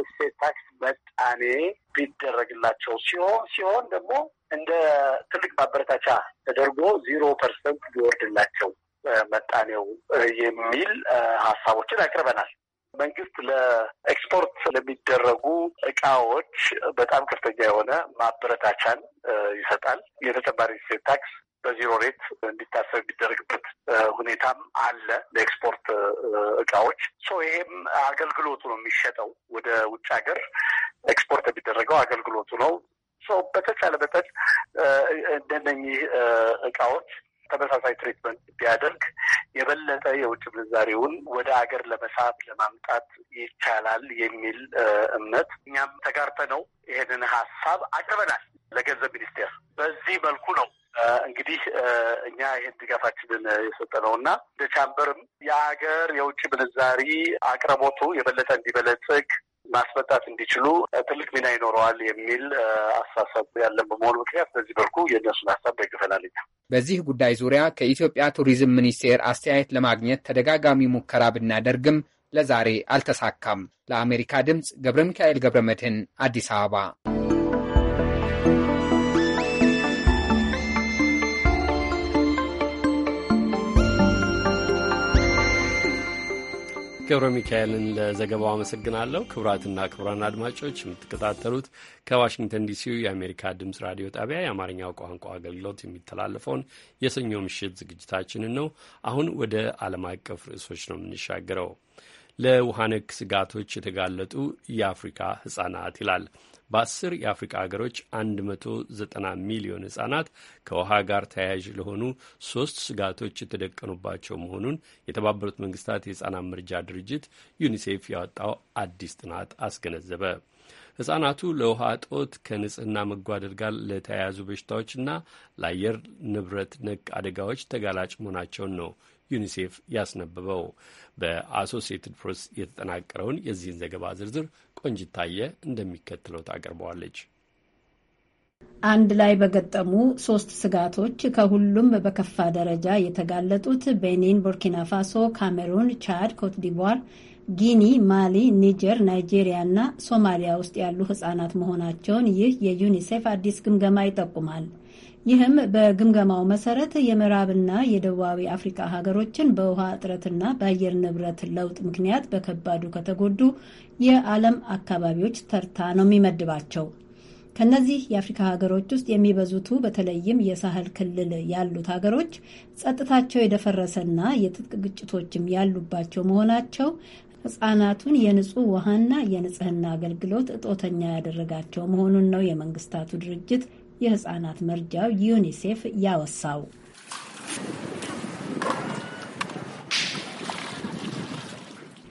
እሴት ታክስ መጣኔ ቢደረግላቸው ሲሆን ሲሆን ደግሞ እንደ ትልቅ ማበረታቻ ተደርጎ ዜሮ ፐርሰንት ሊወርድላቸው መጣኔው የሚል ሀሳቦችን አቅርበናል። መንግስት ለኤክስፖርት ለሚደረጉ እቃዎች በጣም ከፍተኛ የሆነ ማበረታቻን ይሰጣል። የተጨማሪ እሴት ታክስ በዜሮ ሬት እንዲታሰብ የሚደረግበት ሁኔታም አለ ለኤክስፖርት እቃዎች። ሶ ይሄም አገልግሎቱ ነው የሚሸጠው ወደ ውጭ ሀገር ኤክስፖርት የሚደረገው አገልግሎቱ ነው። ሶ በተቻለ መጠን እንደነኚህ እቃዎች ተመሳሳይ ትሪትመንት ቢያደርግ የበለጠ የውጭ ምንዛሬውን ወደ ሀገር ለመሳብ ለማምጣት ይቻላል የሚል እምነት እኛም ተጋርተ ነው ይሄንን ሀሳብ አቅርበናል ለገንዘብ ሚኒስቴር። በዚህ መልኩ ነው እንግዲህ እኛ ይህን ድጋፋችንን ነው እና እንደ ቻምበርም የሀገር የውጭ ምንዛሪ አቅርቦቱ የበለጠ እንዲበለጽግ ማስመጣት እንዲችሉ ትልቅ ሚና ይኖረዋል የሚል አስተሳሰብ ያለን በመሆኑ ምክንያት በዚህ መልኩ የእነሱን ሀሳብ ደግፈናል። በዚህ ጉዳይ ዙሪያ ከኢትዮጵያ ቱሪዝም ሚኒስቴር አስተያየት ለማግኘት ተደጋጋሚ ሙከራ ብናደርግም ለዛሬ አልተሳካም። ለአሜሪካ ድምፅ ገብረ ሚካኤል ገብረ መድህን አዲስ አበባ ገብረ ሚካኤልን ለዘገባው አመሰግናለሁ። ክቡራትና ክቡራን አድማጮች የምትከታተሉት ከዋሽንግተን ዲሲው የአሜሪካ ድምፅ ራዲዮ ጣቢያ የአማርኛው ቋንቋ አገልግሎት የሚተላለፈውን የሰኞ ምሽት ዝግጅታችንን ነው። አሁን ወደ ዓለም አቀፍ ርዕሶች ነው የምንሻገረው። ለውሃ ነክ ስጋቶች የተጋለጡ የአፍሪካ ህጻናት ይላል በአስር የአፍሪካ አገሮች 190 ሚሊዮን ሕጻናት ከውሃ ጋር ተያያዥ ለሆኑ ሶስት ስጋቶች የተደቀኑባቸው መሆኑን የተባበሩት መንግስታት የሕጻናት መርጃ ድርጅት ዩኒሴፍ ያወጣው አዲስ ጥናት አስገነዘበ። ሕጻናቱ ለውሃ እጦት፣ ከንጽህና መጓደል ጋር ለተያያዙ በሽታዎችና ለአየር ንብረት ነክ አደጋዎች ተጋላጭ መሆናቸውን ነው ዩኒሴፍ ያስነበበው በአሶሲየትድ ፕሬስ የተጠናቀረውን የዚህን ዘገባ ዝርዝር ቆንጅታየ እንደሚከተለው ታቀርበዋለች። አንድ ላይ በገጠሙ ሶስት ስጋቶች ከሁሉም በከፋ ደረጃ የተጋለጡት ቤኒን፣ ቡርኪና ፋሶ፣ ካሜሩን፣ ቻድ፣ ኮትዲቯር፣ ጊኒ፣ ማሊ፣ ኒጀር፣ ናይጄሪያ እና ሶማሊያ ውስጥ ያሉ ህጻናት መሆናቸውን ይህ የዩኒሴፍ አዲስ ግምገማ ይጠቁማል። ይህም በግምገማው መሰረት የምዕራብና የደቡባዊ አፍሪካ ሀገሮችን በውሃ እጥረትና በአየር ንብረት ለውጥ ምክንያት በከባዱ ከተጎዱ የዓለም አካባቢዎች ተርታ ነው የሚመድባቸው። ከነዚህ የአፍሪካ ሀገሮች ውስጥ የሚበዙቱ በተለይም የሳህል ክልል ያሉት ሀገሮች ጸጥታቸው የደፈረሰና የትጥቅ ግጭቶችም ያሉባቸው መሆናቸው ህጻናቱን የንጹህ ውሃና የንጽህና አገልግሎት እጦተኛ ያደረጋቸው መሆኑን ነው የመንግስታቱ ድርጅት የህጻናት መርጃው ዩኒሴፍ ያወሳው።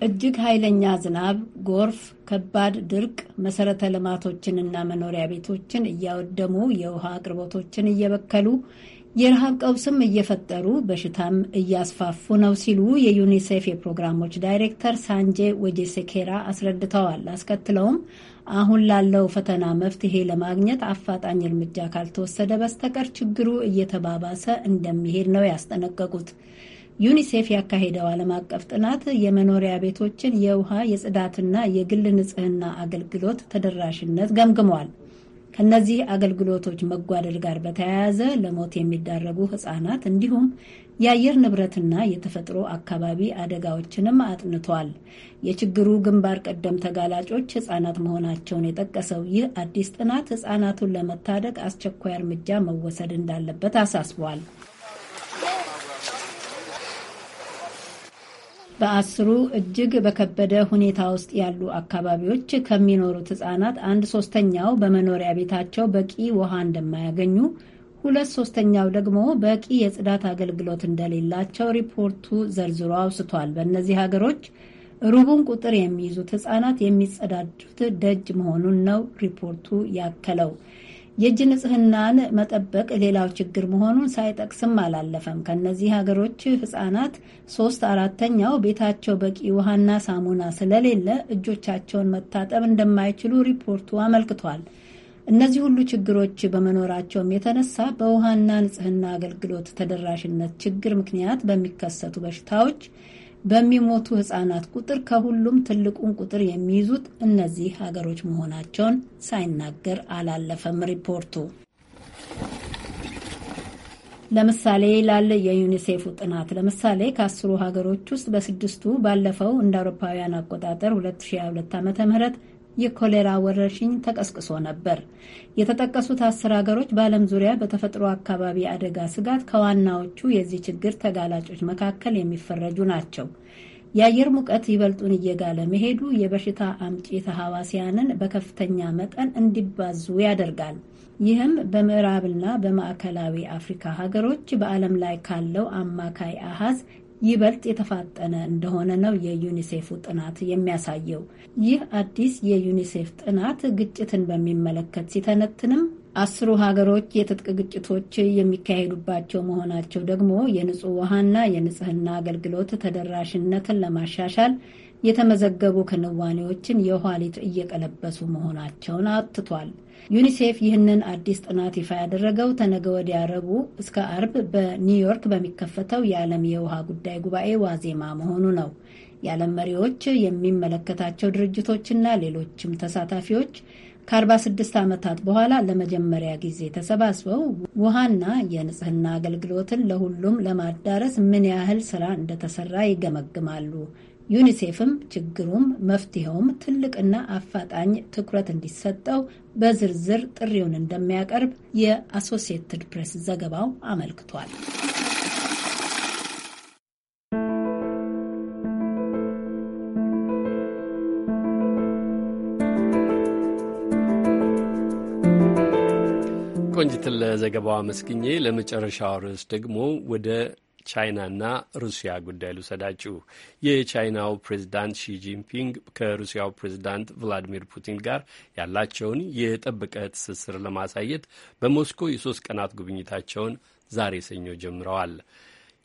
እጅግ ኃይለኛ ዝናብ፣ ጎርፍ፣ ከባድ ድርቅ መሰረተ ልማቶችንና መኖሪያ ቤቶችን እያወደሙ የውሃ አቅርቦቶችን እየበከሉ የረሃብ ቀውስም እየፈጠሩ በሽታም እያስፋፉ ነው ሲሉ የዩኒሴፍ የፕሮግራሞች ዳይሬክተር ሳንጄ ወጄሴኬራ አስረድተዋል። አስከትለውም አሁን ላለው ፈተና መፍትሄ ለማግኘት አፋጣኝ እርምጃ ካልተወሰደ በስተቀር ችግሩ እየተባባሰ እንደሚሄድ ነው ያስጠነቀቁት። ዩኒሴፍ ያካሄደው ዓለም አቀፍ ጥናት የመኖሪያ ቤቶችን የውሃ የጽዳትና የግል ንጽህና አገልግሎት ተደራሽነት ገምግሟል። ከእነዚህ አገልግሎቶች መጓደል ጋር በተያያዘ ለሞት የሚዳረጉ ህጻናት እንዲሁም የአየር ንብረትና የተፈጥሮ አካባቢ አደጋዎችንም አጥንቷል። የችግሩ ግንባር ቀደም ተጋላጮች ህጻናት መሆናቸውን የጠቀሰው ይህ አዲስ ጥናት ህጻናቱን ለመታደግ አስቸኳይ እርምጃ መወሰድ እንዳለበት አሳስቧል። በአስሩ እጅግ በከበደ ሁኔታ ውስጥ ያሉ አካባቢዎች ከሚኖሩት ህጻናት አንድ ሶስተኛው በመኖሪያ ቤታቸው በቂ ውሃ እንደማያገኙ፣ ሁለት ሶስተኛው ደግሞ በቂ የጽዳት አገልግሎት እንደሌላቸው ሪፖርቱ ዘርዝሮ አውስቷል። በእነዚህ ሀገሮች ሩቡን ቁጥር የሚይዙት ህጻናት የሚጸዳዱት ደጅ መሆኑን ነው ሪፖርቱ ያከለው። የእጅ ንጽህናን መጠበቅ ሌላው ችግር መሆኑን ሳይጠቅስም አላለፈም። ከእነዚህ ሀገሮች ህጻናት ሶስት አራተኛው ቤታቸው በቂ ውሃና ሳሙና ስለሌለ እጆቻቸውን መታጠብ እንደማይችሉ ሪፖርቱ አመልክቷል። እነዚህ ሁሉ ችግሮች በመኖራቸውም የተነሳ በውሃና ንጽህና አገልግሎት ተደራሽነት ችግር ምክንያት በሚከሰቱ በሽታዎች በሚሞቱ ህጻናት ቁጥር ከሁሉም ትልቁን ቁጥር የሚይዙት እነዚህ ሀገሮች መሆናቸውን ሳይናገር አላለፈም ሪፖርቱ። ለምሳሌ ይላል የዩኒሴፉ ጥናት፣ ለምሳሌ ከአስሩ ሀገሮች ውስጥ በስድስቱ ባለፈው እንደ አውሮፓውያን አቆጣጠር 2022 ዓ ም የኮሌራ ወረርሽኝ ተቀስቅሶ ነበር። የተጠቀሱት አስር ሀገሮች በዓለም ዙሪያ በተፈጥሮ አካባቢ አደጋ ስጋት ከዋናዎቹ የዚህ ችግር ተጋላጮች መካከል የሚፈረጁ ናቸው። የአየር ሙቀት ይበልጡን እየጋለ መሄዱ የበሽታ አምጪ ተሐዋሲያንን በከፍተኛ መጠን እንዲባዙ ያደርጋል። ይህም በምዕራብና በማዕከላዊ አፍሪካ ሀገሮች በዓለም ላይ ካለው አማካይ አሃዝ ይበልጥ የተፋጠነ እንደሆነ ነው የዩኒሴፉ ጥናት የሚያሳየው። ይህ አዲስ የዩኒሴፍ ጥናት ግጭትን በሚመለከት ሲተነትንም አስሩ ሀገሮች የትጥቅ ግጭቶች የሚካሄዱባቸው መሆናቸው ደግሞ የንጹህ ውሃና የንጽህና አገልግሎት ተደራሽነትን ለማሻሻል የተመዘገቡ ክንዋኔዎችን የኋሊት እየቀለበሱ መሆናቸውን አትቷል። ዩኒሴፍ ይህንን አዲስ ጥናት ይፋ ያደረገው ተነገ ወዲያ ረቡዕ እስከ አርብ በኒውዮርክ በሚከፈተው የዓለም የውሃ ጉዳይ ጉባኤ ዋዜማ መሆኑ ነው። የዓለም መሪዎች፣ የሚመለከታቸው ድርጅቶችና ሌሎችም ተሳታፊዎች ከ46 ዓመታት በኋላ ለመጀመሪያ ጊዜ ተሰባስበው ውሃና የንጽህና አገልግሎትን ለሁሉም ለማዳረስ ምን ያህል ስራ እንደተሰራ ይገመግማሉ። ዩኒሴፍም ችግሩም መፍትሄውም ትልቅና አፋጣኝ ትኩረት እንዲሰጠው በዝርዝር ጥሪውን እንደሚያቀርብ የአሶሲየትድ ፕሬስ ዘገባው አመልክቷል። ቆንጅትን ለዘገባው አመስግኜ ለመጨረሻው ርዕስ ደግሞ ወደ ቻይናና ሩሲያ ጉዳይ ልውሰዳችሁ። የቻይናው ፕሬዚዳንት ሺጂንፒንግ ከሩሲያው ፕሬዚዳንት ቭላዲሚር ፑቲን ጋር ያላቸውን የጠበቀ ትስስር ለማሳየት በሞስኮ የሶስት ቀናት ጉብኝታቸውን ዛሬ ሰኞ ጀምረዋል።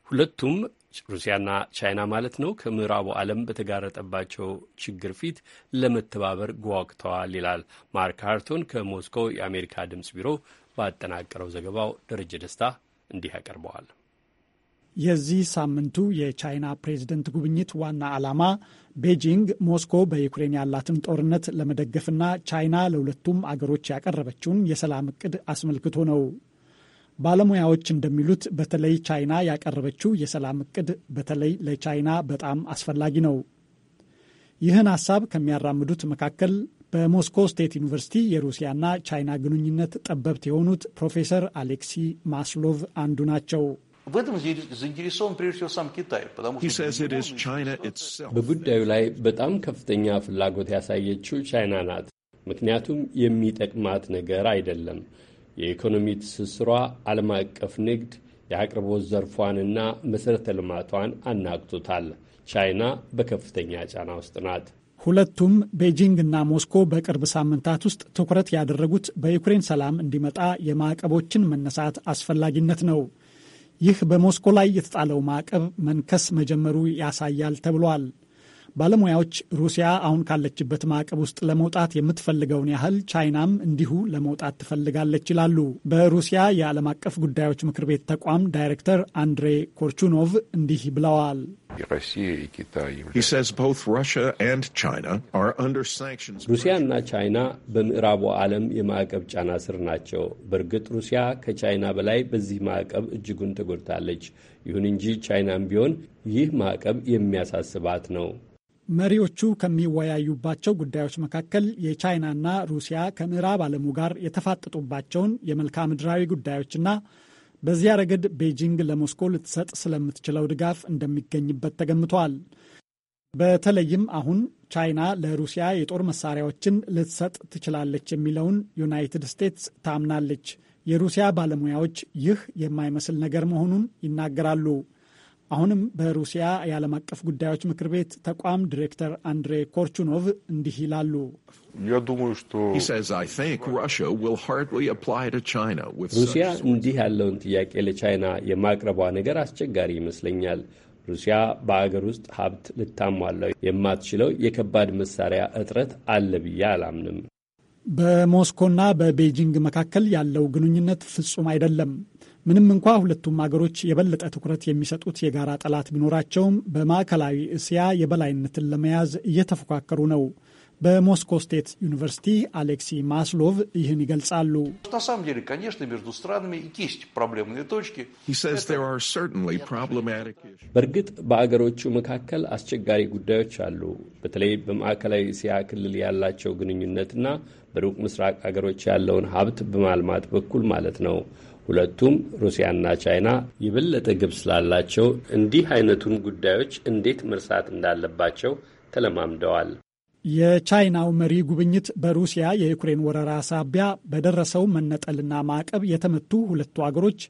ሁለቱም ሩሲያና ቻይና ማለት ነው ከምዕራቡ ዓለም በተጋረጠባቸው ችግር ፊት ለመተባበር ጓግተዋል ይላል ማርክ ሃርቶን ከሞስኮ የአሜሪካ ድምጽ ቢሮ ባጠናቀረው ዘገባው ደረጀ ደስታ እንዲህ ያቀርበዋል። የዚህ ሳምንቱ የቻይና ፕሬዝደንት ጉብኝት ዋና ዓላማ ቤጂንግ ሞስኮ በዩክሬን ያላትን ጦርነት ለመደገፍና ቻይና ለሁለቱም አገሮች ያቀረበችውን የሰላም እቅድ አስመልክቶ ነው። ባለሙያዎች እንደሚሉት በተለይ ቻይና ያቀረበችው የሰላም እቅድ በተለይ ለቻይና በጣም አስፈላጊ ነው። ይህን ሀሳብ ከሚያራምዱት መካከል በሞስኮ ስቴት ዩኒቨርሲቲ የሩሲያና ቻይና ግንኙነት ጠበብት የሆኑት ፕሮፌሰር አሌክሲ ማስሎቭ አንዱ ናቸው። በጉዳዩ ላይ በጣም ከፍተኛ ፍላጎት ያሳየችው ቻይና ናት። ምክንያቱም የሚጠቅማት ነገር አይደለም። የኢኮኖሚ ትስስሯ ዓለም አቀፍ ንግድ የአቅርቦት ዘርፏንና መሠረተ ልማቷን አናግቶታል። ቻይና በከፍተኛ ጫና ውስጥ ናት። ሁለቱም ቤጂንግ እና ሞስኮ በቅርብ ሳምንታት ውስጥ ትኩረት ያደረጉት በዩክሬን ሰላም እንዲመጣ የማዕቀቦችን መነሳት አስፈላጊነት ነው። ይህ በሞስኮ ላይ የተጣለው ማዕቀብ መንከስ መጀመሩ ያሳያል ተብሏል። ባለሙያዎች ሩሲያ አሁን ካለችበት ማዕቀብ ውስጥ ለመውጣት የምትፈልገውን ያህል ቻይናም እንዲሁ ለመውጣት ትፈልጋለች ይላሉ። በሩሲያ የዓለም አቀፍ ጉዳዮች ምክር ቤት ተቋም ዳይሬክተር አንድሬ ኮርቹኖቭ እንዲህ ብለዋል። ሩሲያና ቻይና በምዕራቡ ዓለም የማዕቀብ ጫና ስር ናቸው። በእርግጥ ሩሲያ ከቻይና በላይ በዚህ ማዕቀብ እጅጉን ተጎድታለች። ይሁን እንጂ ቻይናም ቢሆን ይህ ማዕቀብ የሚያሳስባት ነው። መሪዎቹ ከሚወያዩባቸው ጉዳዮች መካከል የቻይናና ሩሲያ ከምዕራብ ዓለሙ ጋር የተፋጠጡባቸውን የመልክዓ ምድራዊ ጉዳዮችና በዚያ ረገድ ቤጂንግ ለሞስኮ ልትሰጥ ስለምትችለው ድጋፍ እንደሚገኝበት ተገምተዋል። በተለይም አሁን ቻይና ለሩሲያ የጦር መሳሪያዎችን ልትሰጥ ትችላለች የሚለውን ዩናይትድ ስቴትስ ታምናለች። የሩሲያ ባለሙያዎች ይህ የማይመስል ነገር መሆኑን ይናገራሉ። አሁንም በሩሲያ የዓለም አቀፍ ጉዳዮች ምክር ቤት ተቋም ዲሬክተር አንድሬ ኮርቹኖቭ እንዲህ ይላሉ። ሩሲያ እንዲህ ያለውን ጥያቄ ለቻይና የማቅረቧ ነገር አስቸጋሪ ይመስለኛል። ሩሲያ በአገር ውስጥ ሀብት ልታሟላው የማትችለው የከባድ መሳሪያ እጥረት አለ ብዬ አላምንም። በሞስኮና በቤጂንግ መካከል ያለው ግንኙነት ፍጹም አይደለም። ምንም እንኳ ሁለቱም አገሮች የበለጠ ትኩረት የሚሰጡት የጋራ ጠላት ቢኖራቸውም በማዕከላዊ እስያ የበላይነትን ለመያዝ እየተፎካከሩ ነው። በሞስኮ ስቴት ዩኒቨርሲቲ አሌክሲ ማስሎቭ ይህን ይገልጻሉ። በእርግጥ በአገሮቹ መካከል አስቸጋሪ ጉዳዮች አሉ። በተለይ በማዕከላዊ እስያ ክልል ያላቸው ግንኙነትና በሩቅ ምስራቅ አገሮች ያለውን ሀብት በማልማት በኩል ማለት ነው። ሁለቱም ሩሲያና ቻይና የበለጠ ግብ ስላላቸው እንዲህ አይነቱን ጉዳዮች እንዴት መርሳት እንዳለባቸው ተለማምደዋል። የቻይናው መሪ ጉብኝት በሩሲያ የዩክሬን ወረራ ሳቢያ በደረሰው መነጠልና ማዕቀብ የተመቱ ሁለቱ አገሮች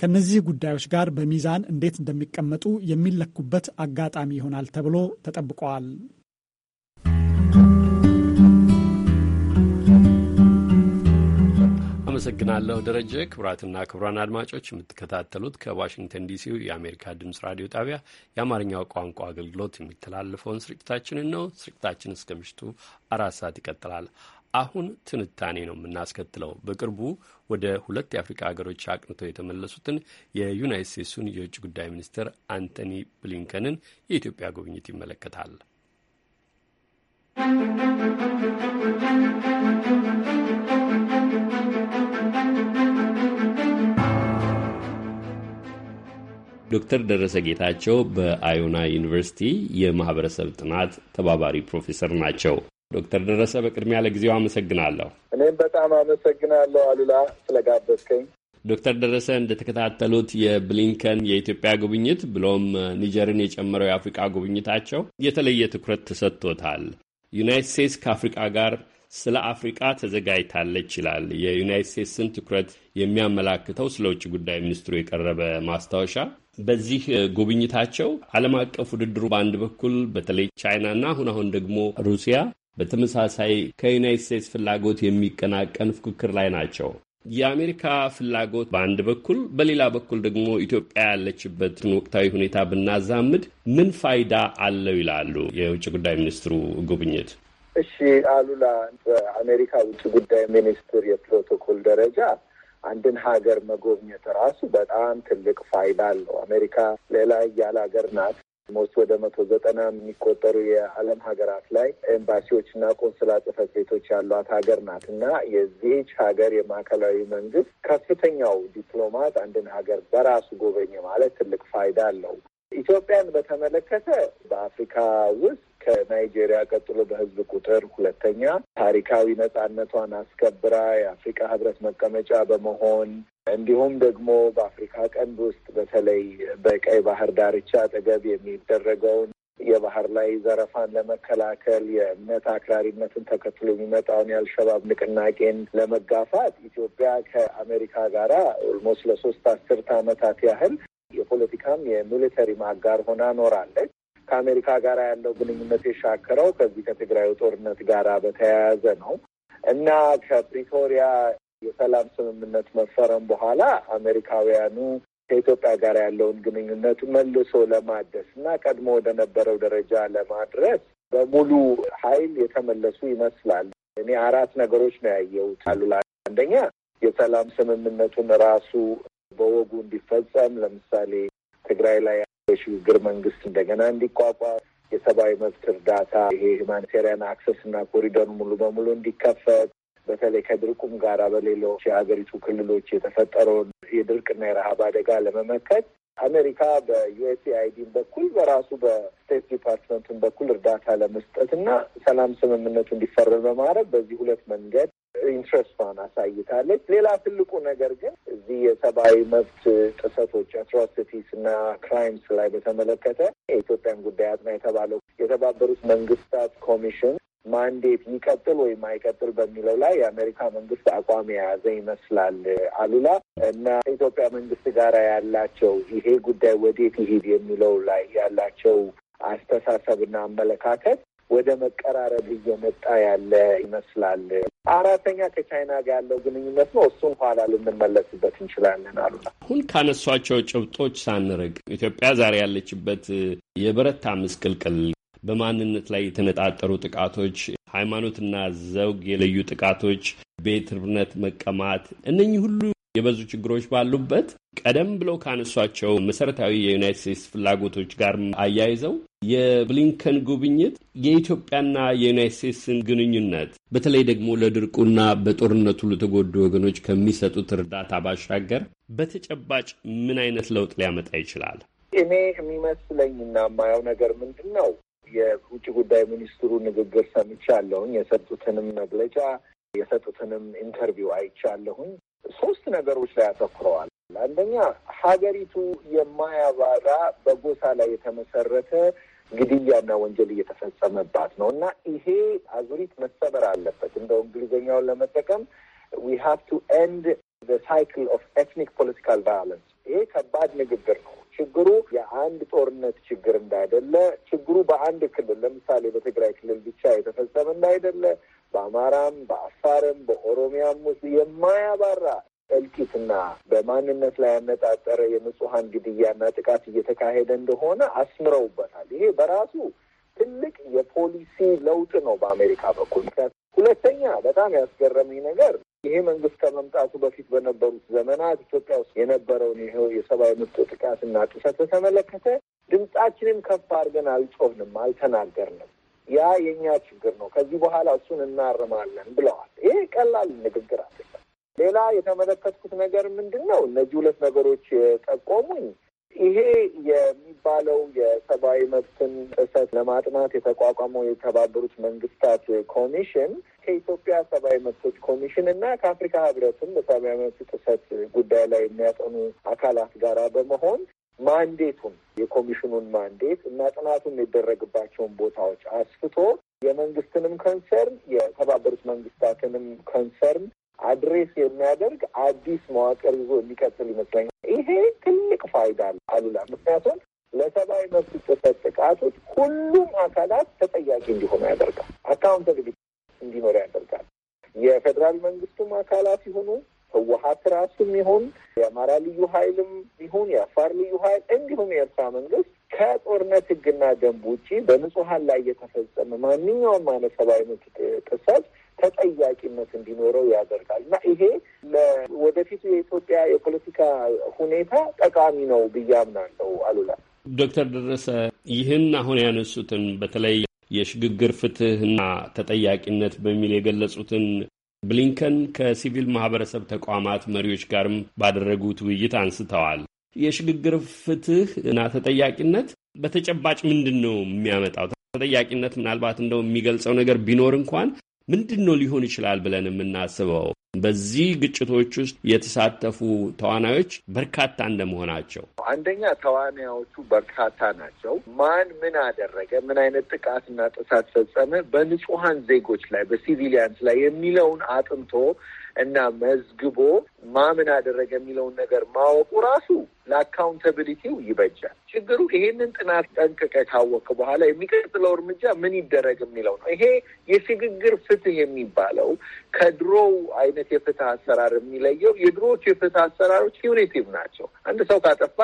ከነዚህ ጉዳዮች ጋር በሚዛን እንዴት እንደሚቀመጡ የሚለኩበት አጋጣሚ ይሆናል ተብሎ ተጠብቀዋል። አመሰግናለሁ ደረጀ። ክቡራትና ክቡራን አድማጮች የምትከታተሉት ከዋሽንግተን ዲሲው የአሜሪካ ድምፅ ራዲዮ ጣቢያ የአማርኛው ቋንቋ አገልግሎት የሚተላለፈውን ስርጭታችንን ነው። ስርጭታችን እስከ ምሽቱ አራት ሰዓት ይቀጥላል። አሁን ትንታኔ ነው የምናስከትለው። በቅርቡ ወደ ሁለት የአፍሪካ ሀገሮች አቅንተው የተመለሱትን የዩናይት ስቴትሱን የውጭ ጉዳይ ሚኒስትር አንቶኒ ብሊንከንን የኢትዮጵያ ጉብኝት ይመለከታል። ዶክተር ደረሰ ጌታቸው በአዮና ዩኒቨርሲቲ የማህበረሰብ ጥናት ተባባሪ ፕሮፌሰር ናቸው። ዶክተር ደረሰ በቅድሚያ ለጊዜው አመሰግናለሁ። እኔም በጣም አመሰግናለሁ አሉላ ስለጋበዝከኝ። ዶክተር ደረሰ እንደተከታተሉት የብሊንከን የኢትዮጵያ ጉብኝት ብሎም ኒጀርን የጨመረው የአፍሪቃ ጉብኝታቸው የተለየ ትኩረት ተሰጥቶታል። ዩናይት ስቴትስ ከአፍሪቃ ጋር ስለ አፍሪቃ ተዘጋጅታለች ይላል የዩናይት ስቴትስን ትኩረት የሚያመላክተው ስለ ውጭ ጉዳይ ሚኒስትሩ የቀረበ ማስታወሻ። በዚህ ጉብኝታቸው ዓለም አቀፍ ውድድሩ በአንድ በኩል በተለይ ቻይናና አሁን አሁን ደግሞ ሩሲያ በተመሳሳይ ከዩናይት ስቴትስ ፍላጎት የሚቀናቀን ፉክክር ላይ ናቸው። የአሜሪካ ፍላጎት በአንድ በኩል በሌላ በኩል ደግሞ ኢትዮጵያ ያለችበትን ወቅታዊ ሁኔታ ብናዛምድ ምን ፋይዳ አለው ይላሉ የውጭ ጉዳይ ሚኒስትሩ ጉብኝት? እሺ አሉላ፣ በአሜሪካ ውጭ ጉዳይ ሚኒስትር የፕሮቶኮል ደረጃ አንድን ሀገር መጎብኘት ራሱ በጣም ትልቅ ፋይዳ አለው። አሜሪካ ሌላ እያለ ሀገር ናት። ሞስ ወደ መቶ ዘጠና የሚቆጠሩ የዓለም ሀገራት ላይ ኤምባሲዎች እና ቆንስላ ጽህፈት ቤቶች ያሏት ሀገር ናት እና የዚህች ሀገር የማዕከላዊ መንግስት ከፍተኛው ዲፕሎማት አንድን ሀገር በራሱ ጎበኘ ማለት ትልቅ ፋይዳ አለው። ኢትዮጵያን በተመለከተ በአፍሪካ ውስጥ ከናይጄሪያ ቀጥሎ በህዝብ ቁጥር ሁለተኛ፣ ታሪካዊ ነጻነቷን አስከብራ የአፍሪካ ህብረት መቀመጫ በመሆን እንዲሁም ደግሞ በአፍሪካ ቀንድ ውስጥ በተለይ በቀይ ባህር ዳርቻ አጠገብ የሚደረገውን የባህር ላይ ዘረፋን ለመከላከል የእምነት አክራሪነትን ተከትሎ የሚመጣውን የአልሸባብ ንቅናቄን ለመጋፋት ኢትዮጵያ ከአሜሪካ ጋራ ኦልሞስት ለሶስት አስርት ዓመታት ያህል የፖለቲካም የሚሊተሪ አጋር ሆና ኖራለች። ከአሜሪካ ጋር ያለው ግንኙነት የሻከረው ከዚህ ከትግራዩ ጦርነት ጋር በተያያዘ ነው እና ከፕሪቶሪያ የሰላም ስምምነት መፈረም በኋላ አሜሪካውያኑ ከኢትዮጵያ ጋር ያለውን ግንኙነት መልሶ ለማደስ እና ቀድሞ ወደነበረው ደረጃ ለማድረስ በሙሉ ኃይል የተመለሱ ይመስላል። እኔ አራት ነገሮች ነው ያየሁት አሉላ። አንደኛ የሰላም ስምምነቱን ራሱ በወጉ እንዲፈጸም ለምሳሌ ትግራይ ላይ የሽግግር መንግስት እንደገና እንዲቋቋም የሰብአዊ መብት እርዳታ ይሄ ሁማኒቴሪያን አክሰስ እና ኮሪደር ሙሉ በሙሉ እንዲከፈት በተለይ ከድርቁም ጋር በሌሎች የሀገሪቱ ክልሎች የተፈጠረውን የድርቅና የረሀብ አደጋ ለመመከት አሜሪካ በዩኤስኤአይዲን በኩል በራሱ በስቴት ዲፓርትመንቱን በኩል እርዳታ ለመስጠት እና ሰላም ስምምነቱ እንዲፈረም በማድረግ በዚህ ሁለት መንገድ ኢንትረስቷን አሳይታለች። ሌላ ትልቁ ነገር ግን እዚህ የሰብአዊ መብት ጥሰቶች አትሮሲቲስ እና ክራይምስ ላይ በተመለከተ የኢትዮጵያን ጉዳይ አጥና የተባለው የተባበሩት መንግስታት ኮሚሽን ማንዴት ይቀጥል ወይም አይቀጥል በሚለው ላይ የአሜሪካ መንግስት አቋም የያዘ ይመስላል አሉላ እና ኢትዮጵያ መንግስት ጋር ያላቸው ይሄ ጉዳይ ወዴት ይሄድ የሚለው ላይ ያላቸው አስተሳሰብና አመለካከት ወደ መቀራረብ እየመጣ ያለ ይመስላል። አራተኛ ከቻይና ጋር ያለው ግንኙነት ነው። እሱን ኋላ ልንመለስበት እንችላለን። አሉና አሁን ካነሷቸው ጭብጦች ሳንርቅ ኢትዮጵያ ዛሬ ያለችበት የበረታ ምስቅልቅል በማንነት ላይ የተነጣጠሩ ጥቃቶች፣ ሃይማኖትና ዘውግ የለዩ ጥቃቶች፣ ቤት መቀማት፣ እነኚህ ሁሉ የበዙ ችግሮች ባሉበት ቀደም ብለው ካነሷቸው መሰረታዊ የዩናይት ስቴትስ ፍላጎቶች ጋር አያይዘው የብሊንከን ጉብኝት የኢትዮጵያና የዩናይት ስቴትስን ግንኙነት በተለይ ደግሞ ለድርቁና በጦርነቱ ለተጎዱ ወገኖች ከሚሰጡት እርዳታ ባሻገር በተጨባጭ ምን አይነት ለውጥ ሊያመጣ ይችላል? እኔ የሚመስለኝና የማየው ነገር ምንድን ነው? የውጭ ጉዳይ ሚኒስትሩ ንግግር ሰምቻለሁኝ። የሰጡትንም መግለጫ የሰጡትንም ኢንተርቪው አይቻለሁኝ። ሶስት ነገሮች ላይ አተኩረዋል። አንደኛ ሀገሪቱ የማያባራ በጎሳ ላይ የተመሰረተ ግድያና ወንጀል እየተፈጸመባት ነው እና ይሄ አዙሪት መሰበር አለበት። እንደው እንግሊዝኛውን ለመጠቀም ዊ ሃቭ ቱ ኤንድ ዘ ሳይክል ኦፍ ኤትኒክ ፖለቲካል ቫዮለንስ። ይሄ ከባድ ንግግር ነው። ችግሩ የአንድ ጦርነት ችግር እንዳይደለ፣ ችግሩ በአንድ ክልል ለምሳሌ በትግራይ ክልል ብቻ የተፈጸመ እንዳይደለ በአማራም በአፋርም በኦሮሚያም ውስጥ የማያባራ እልቂትና በማንነት ላይ ያነጣጠረ የንጹሀን ግድያና ጥቃት እየተካሄደ እንደሆነ አስምረውበታል። ይሄ በራሱ ትልቅ የፖሊሲ ለውጥ ነው በአሜሪካ በኩል። ሁለተኛ በጣም ያስገረመኝ ነገር ይሄ መንግስት ከመምጣቱ በፊት በነበሩት ዘመናት ኢትዮጵያ ውስጥ የነበረውን ይኸው የሰብአዊ መብት ጥቃትና ጥሰት በተመለከተ ድምጻችንም ከፍ አድርገን አልጮህንም፣ አልተናገርንም። ያ የእኛ ችግር ነው፣ ከዚህ በኋላ እሱን እናርማለን ብለዋል። ይሄ ቀላል ንግግር አይደለም። ሌላ የተመለከትኩት ነገር ምንድን ነው? እነዚህ ሁለት ነገሮች የጠቆሙኝ ይሄ የሚባለው የሰብአዊ መብትን ጥሰት ለማጥናት የተቋቋመው የተባበሩት መንግስታት ኮሚሽን ከኢትዮጵያ ሰብአዊ መብቶች ኮሚሽን እና ከአፍሪካ ህብረትም በሰብአዊ መብት ጥሰት ጉዳይ ላይ የሚያጠኑ አካላት ጋራ በመሆን ማንዴቱን የኮሚሽኑን ማንዴት እና ጥናቱ የሚደረግባቸውን ቦታዎች አስፍቶ የመንግስትንም ኮንሰርን የተባበሩት መንግስታትንም ኮንሰርን አድሬስ የሚያደርግ አዲስ መዋቅር ይዞ የሚቀጥል ይመስለኛል። ይሄ ትልቅ ፋይዳ አሉላ ምክንያቱም ለሰብአዊ መብት ጥሰት ጥቃቶች ሁሉም አካላት ተጠያቂ እንዲሆኑ ያደርጋል። አካውንታብሊቲ እንዲኖር ያደርጋል። የፌዴራል መንግስቱም አካላት ይሆኑ ህወሀት ራሱም ይሁን የአማራ ልዩ ኃይልም ይሁን የአፋር ልዩ ኃይል እንዲሁም የኤርትራ መንግስት ከጦርነት ህግና ደንብ ውጪ በንጹሀን ላይ የተፈጸመ ማንኛውም አይነት ሰብአዊ መብት ጥሰት ተጠያቂነት እንዲኖረው ያደርጋል እና ይሄ ለወደፊቱ የኢትዮጵያ የፖለቲካ ሁኔታ ጠቃሚ ነው ብዬ አምናለሁ። አሉላ ዶክተር ደረሰ ይህን አሁን ያነሱትን በተለይ የሽግግር ፍትህና ተጠያቂነት በሚል የገለጹትን ብሊንከን ከሲቪል ማህበረሰብ ተቋማት መሪዎች ጋርም ባደረጉት ውይይት አንስተዋል። የሽግግር ፍትህ እና ተጠያቂነት በተጨባጭ ምንድን ነው የሚያመጣው? ተጠያቂነት ምናልባት እንደው የሚገልጸው ነገር ቢኖር እንኳን ምንድን ነው ሊሆን ይችላል ብለን የምናስበው? በዚህ ግጭቶች ውስጥ የተሳተፉ ተዋናዮች በርካታ እንደመሆናቸው አንደኛ ተዋናዮቹ በርካታ ናቸው። ማን ምን አደረገ፣ ምን አይነት ጥቃትና ጥሳት ፈጸመ በንጹሐን ዜጎች ላይ በሲቪሊያንስ ላይ የሚለውን አጥንቶ እና መዝግቦ ማምን አደረገ የሚለውን ነገር ማወቁ ራሱ ለአካውንተብሊቲው ይበጃል። ችግሩ ይሄንን ጥናት ጠንቅቀ ካወቅ በኋላ የሚቀጥለው እርምጃ ምን ይደረግ የሚለው ነው። ይሄ የሽግግር ፍትህ የሚባለው ከድሮው አይነት የፍትህ አሰራር የሚለየው የድሮዎቹ የፍትህ አሰራሮች ኪዩሬቲቭ ናቸው። አንድ ሰው ካጠፋ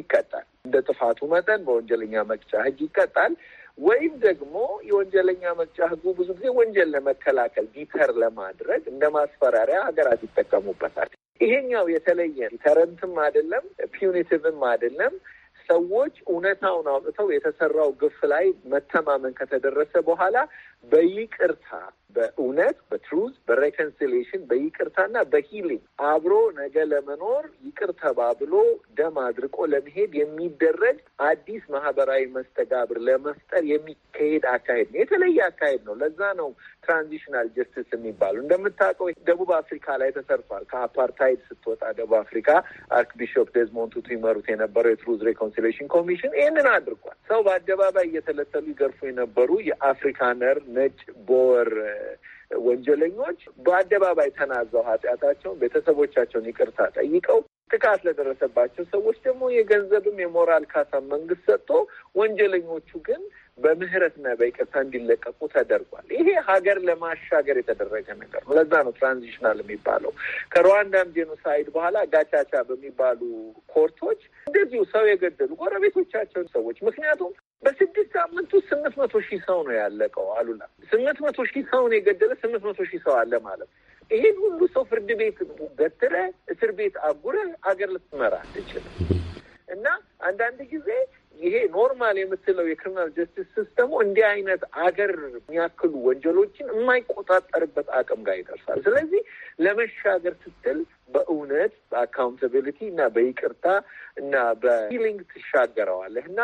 ይቀጣል፣ እንደ ጥፋቱ መጠን በወንጀለኛ መቅጫ ህግ ይቀጣል። ወይም ደግሞ የወንጀለኛ መቅጫ ህጉ ብዙ ጊዜ ወንጀል ለመከላከል ዲተር ለማድረግ እንደ ማስፈራሪያ ሀገራት ይጠቀሙበታል። ይሄኛው የተለየ ተረንትም አይደለም፣ ፒዩኒቲቭም አይደለም። ሰዎች እውነታውን አውጥተው የተሰራው ግፍ ላይ መተማመን ከተደረሰ በኋላ በይቅርታ በእውነት በትሩዝ በሬኮንሲሌሽን በይቅርታና በሂሊንግ አብሮ ነገ ለመኖር ይቅር ተባብሎ ደም አድርቆ ለመሄድ የሚደረግ አዲስ ማህበራዊ መስተጋብር ለመፍጠር የሚካሄድ አካሄድ ነው። የተለየ አካሄድ ነው። ለዛ ነው ትራንዚሽናል ጀስቲስ የሚባለው። እንደምታውቀው ደቡብ አፍሪካ ላይ ተሰርቷል። ከአፓርታይድ ስትወጣ ደቡብ አፍሪካ አርክቢሾፕ ቢሾፕ ዴዝሞንድ ቱቱ ይመሩት የነበረው የትሩዝ ሬኮንሲሌሽን ኮሚሽን ይህንን አድርጓል። ሰው በአደባባይ እየተለተሉ ይገርፉ የነበሩ የአፍሪካነር ነጭ ቦወር ወንጀለኞች በአደባባይ ተናዘው ኃጢአታቸውን፣ ቤተሰቦቻቸውን ይቅርታ ጠይቀው ጥቃት ለደረሰባቸው ሰዎች ደግሞ የገንዘብም የሞራል ካሳ መንግስት ሰጥቶ ወንጀለኞቹ ግን በምህረትና በይቅርታ እንዲለቀቁ ተደርጓል። ይሄ ሀገር ለማሻገር የተደረገ ነገር ነው። ለዛ ነው ትራንዚሽናል የሚባለው። ከሩዋንዳም ጄኖሳይድ በኋላ ጋቻቻ በሚባሉ ኮርቶች እንደዚሁ ሰው የገደሉ ጎረቤቶቻቸውን ሰዎች ምክንያቱም በስድስት ሳምንቱ ስምንት መቶ ሺህ ሰው ነው ያለቀው። አሉላ ስምንት መቶ ሺህ ሰውን የገደለ ስምንት መቶ ሺህ ሰው አለ ማለት ይሄን ሁሉ ሰው ፍርድ ቤት ገትረ እስር ቤት አጉረ አገር ልትመራ ትችል እና አንዳንድ ጊዜ ይሄ ኖርማል የምትለው የክሪሚናል ጀስቲስ ሲስተሙ እንዲህ አይነት አገር የሚያክሉ ወንጀሎችን የማይቆጣጠርበት አቅም ጋር ይደርሳል። ስለዚህ ለመሻገር ስትል በእውነት በአካውንታቢሊቲ እና በይቅርታ እና በሂሊንግ ትሻገረዋለህ እና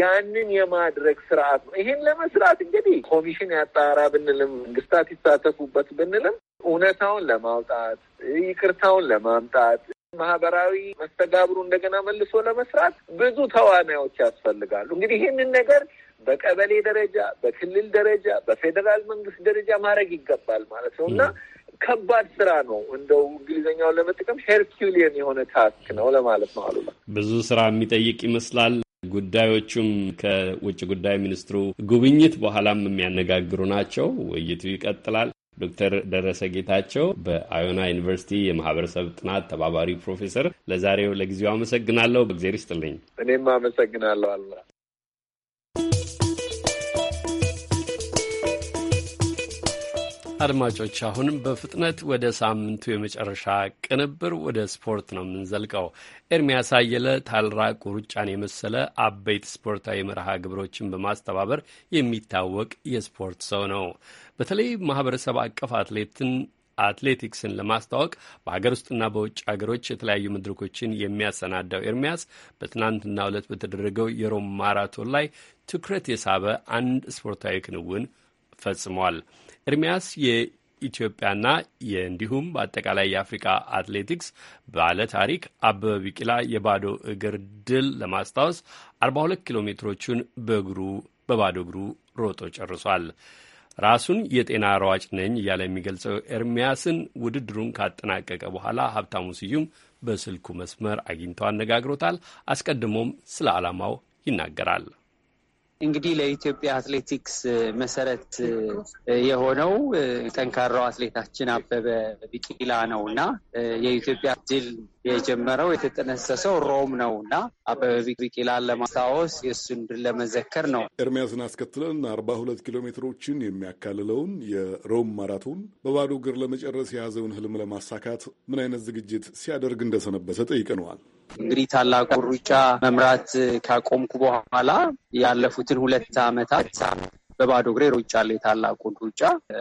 ያንን የማድረግ ስርዓት ነው። ይሄን ለመስራት እንግዲህ ኮሚሽን ያጣራ ብንልም መንግስታት ይሳተፉበት ብንልም እውነታውን ለማውጣት ይቅርታውን ለማምጣት ማህበራዊ መስተጋብሩ እንደገና መልሶ ለመስራት ብዙ ተዋናዮች ያስፈልጋሉ። እንግዲህ ይህንን ነገር በቀበሌ ደረጃ፣ በክልል ደረጃ፣ በፌዴራል መንግስት ደረጃ ማድረግ ይገባል ማለት ነው እና ከባድ ስራ ነው። እንደው እንግሊዝኛውን ለመጠቀም ሄርኪውሊየን የሆነ ታስክ ነው ለማለት ነው። አሉ ብዙ ስራ የሚጠይቅ ይመስላል። ጉዳዮቹም ከውጭ ጉዳይ ሚኒስትሩ ጉብኝት በኋላም የሚያነጋግሩ ናቸው። ውይይቱ ይቀጥላል። ዶክተር ደረሰ ጌታቸው በአዮና ዩኒቨርሲቲ የማህበረሰብ ጥናት ተባባሪ ፕሮፌሰር፣ ለዛሬው ለጊዜው አመሰግናለሁ። በእግዜር ይስጥልኝ። እኔም አመሰግናለሁ አላ አድማጮች አሁን በፍጥነት ወደ ሳምንቱ የመጨረሻ ቅንብር ወደ ስፖርት ነው የምንዘልቀው። ኤርሚያስ አየለ ታላቁ ሩጫን የመሰለ አበይት ስፖርታዊ መርሃ ግብሮችን በማስተባበር የሚታወቅ የስፖርት ሰው ነው። በተለይ ማህበረሰብ አቀፍ አትሌትን አትሌቲክስን ለማስተዋወቅ በሀገር ውስጥና በውጭ ሀገሮች የተለያዩ መድረኮችን የሚያሰናዳው ኤርሚያስ በትናንትና ዕለት በተደረገው የሮም ማራቶን ላይ ትኩረት የሳበ አንድ ስፖርታዊ ክንውን ፈጽሟል። ኤርሚያስ የኢትዮጵያና እንዲሁም በአጠቃላይ የአፍሪካ አትሌቲክስ ባለ ታሪክ አበበ ቢቂላ የባዶ እግር ድል ለማስታወስ 42 ኪሎ ሜትሮቹን በእግሩ በባዶ እግሩ ሮጦ ጨርሷል። ራሱን የጤና ሯጭ ነኝ እያለ የሚገልጸው ኤርሚያስን ውድድሩን ካጠናቀቀ በኋላ ሀብታሙ ስዩም በስልኩ መስመር አግኝተው አነጋግሮታል። አስቀድሞም ስለ ዓላማው ይናገራል። እንግዲህ ለኢትዮጵያ አትሌቲክስ መሰረት የሆነው ጠንካራው አትሌታችን አበበ ቢቂላ ነው እና የኢትዮጵያ ድል የጀመረው የተጠነሰሰው ሮም ነው እና አበበ ቢቂላን ለማስታወስ የእሱን ድል ለመዘከር ነው። ኤርሚያስን አስከትለን አርባ ሁለት ኪሎ ሜትሮችን የሚያካልለውን የሮም ማራቶን በባዶ እግር ለመጨረስ የያዘውን ህልም ለማሳካት ምን አይነት ዝግጅት ሲያደርግ እንደሰነበሰ ጠይቀነዋል። እንግዲህ ታላቁ ሩጫ መምራት ካቆምኩ በኋላ ያለፉትን ሁለት ዓመታት በባዶ እግሬ ሮጫለሁ። የታላቁን ሩጫ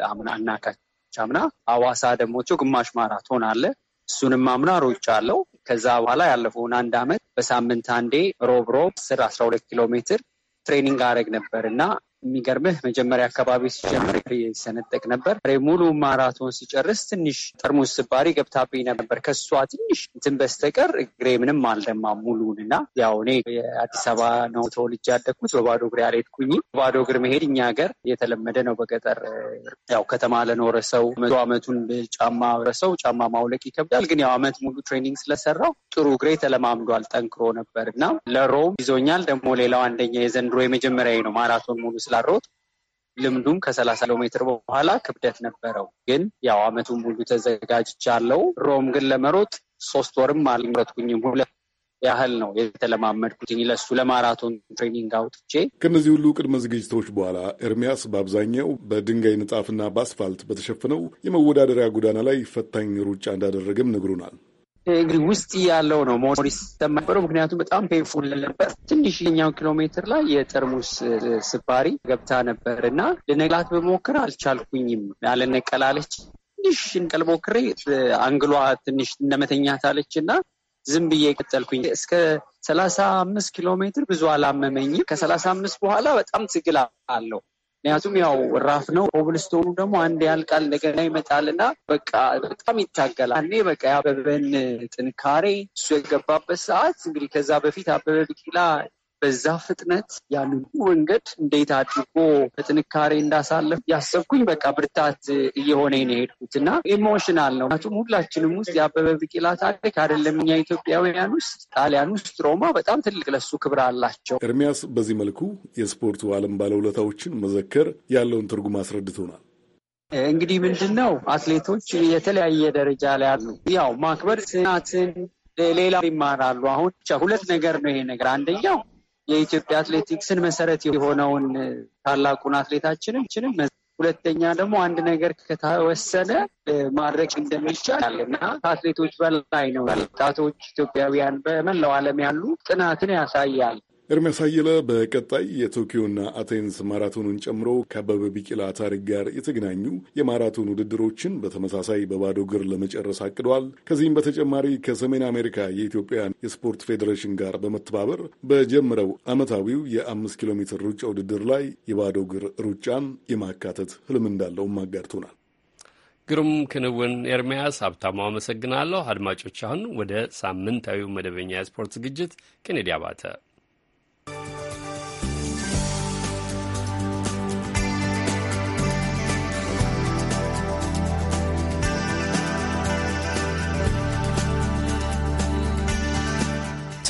አምና እና ካቻምና አዋሳ ደግሞ ግማሽ ማራቶን አለ። እሱንም አምና ሮጫለሁ። ከዛ በኋላ ያለፈውን አንድ ዓመት በሳምንት አንዴ ሮብሮ ሮብ አስር አስራ ሁለት ኪሎ ሜትር ትሬኒንግ አደረግ ነበር እና የሚገርምህ መጀመሪያ አካባቢ ሲጀምር ሰነጠቅ ነበር። ሙሉ ማራቶን ሲጨርስ ትንሽ ጠርሙስ ስባሪ ገብታብኝ ነበር። ከሷ ትንሽ እንትን በስተቀር እግሬ ምንም አልደማም ሙሉን እና ያው እኔ የአዲስ አበባ ነው ተወልጄ ያደግኩት። በባዶ እግር አልሄድኩኝ። በባዶ እግር መሄድ እኛ ሀገር የተለመደ ነው። በገጠር ያው ከተማ ለኖረ ሰው መቶ ዓመቱን ጫማ ረሰው ጫማ ማውለቅ ይከብዳል። ግን ያው ዓመት ሙሉ ትሬኒንግ ስለሰራው ጥሩ እግሬ ተለማምዷል። ጠንክሮ ነበር እና ለሮም ይዞኛል። ደግሞ ሌላው አንደኛ የዘንድሮ የመጀመሪያ ነው ማራቶን ሙሉ ስላሮጥ ልምዱም ከሰላሳ ኪሎ ሜትር በኋላ ክብደት ነበረው። ግን ያው አመቱን ሙሉ ተዘጋጅቻለሁ። ሮም ግን ለመሮጥ ሶስት ወርም አልመረጥኩኝም ሁለት ያህል ነው የተለማመድኩትኝ ለሱ ለማራቶን ትሬኒንግ አውጥቼ። ከእነዚህ ሁሉ ቅድመ ዝግጅቶች በኋላ ኤርሚያስ በአብዛኛው በድንጋይ ንጣፍና በአስፋልት በተሸፈነው የመወዳደሪያ ጎዳና ላይ ፈታኝ ሩጫ እንዳደረገም ነግሮናል። እንግዲህ ውስጥ ያለው ነው ሞሪስ ተማበረው ምክንያቱም በጣም ፔንፉል ነበር። የኛው ኪሎ ሜትር ላይ የጠርሙስ ስባሪ ገብታ ነበር እና ልነቅላት በሞክር አልቻልኩኝም። አልነቀላለች። ትንሽ እንቀል ሞክሬ አንግሏ ትንሽ እንደመተኛት አለች እና ዝም ብዬ ቀጠልኩኝ እስከ ሰላሳ አምስት ኪሎ ሜትር ብዙ አላመመኝም። ከሰላሳ አምስት በኋላ በጣም ትግል አለው ምክንያቱም ያው ራፍ ነው። ኮብልስቶኑ ደግሞ አንድ ያልቃል እንደገና ይመጣልና በቃ በጣም ይታገላል። እኔ በቃ የአበበን ጥንካሬ እሱ የገባበት ሰዓት እንግዲህ ከዛ በፊት አበበ ቢቂላ በዛ ፍጥነት ያንን መንገድ እንዴት አድርጎ በጥንካሬ እንዳሳለፍ ያሰብኩኝ በቃ ብርታት እየሆነ ነው የሄድኩት እና ኢሞሽናል ነው። ቱም ሁላችንም ውስጥ የአበበ ቢቂላ ታሪክ አይደለም እኛ ኢትዮጵያውያን ውስጥ ጣሊያን ውስጥ ሮማ በጣም ትልቅ ለሱ ክብር አላቸው። ኤርሚያስ በዚህ መልኩ የስፖርቱ ዓለም ባለውለታዎችን መዘከር ያለውን ትርጉም አስረድቶናል። እንግዲህ ምንድን ነው አትሌቶች የተለያየ ደረጃ ላይ አሉ። ያው ማክበር ጽናትን ሌላ ይማራሉ። አሁን ሁለት ነገር ነው ይሄ ነገር አንደኛው የኢትዮጵያ አትሌቲክስን መሰረት የሆነውን ታላቁን አትሌታችንን ችንም ሁለተኛ ደግሞ አንድ ነገር ከተወሰነ ማድረግ እንደሚቻል እና ከአትሌቶች በላይ ነው። ወጣቶች ኢትዮጵያውያን በመላው ዓለም ያሉ ጥናትን ያሳያል። ኤርሚያስ አየለ በቀጣይ የቶኪዮና አቴንስ ማራቶንን ጨምሮ ከአበበ ቢቂላ ታሪክ ጋር የተገናኙ የማራቶን ውድድሮችን በተመሳሳይ በባዶ እግር ለመጨረስ አቅደዋል። ከዚህም በተጨማሪ ከሰሜን አሜሪካ የኢትዮጵያን የስፖርት ፌዴሬሽን ጋር በመተባበር በጀምረው ዓመታዊው የአምስት ኪሎ ሜትር ሩጫ ውድድር ላይ የባዶ እግር ሩጫን የማካተት ህልም እንዳለውም አጋርቶናል። ግሩም ክንውን ኤርሚያስ ሀብታሙ አመሰግናለሁ። አድማጮች አሁን ወደ ሳምንታዊው መደበኛ የስፖርት ዝግጅት ኬኔዲ አባተ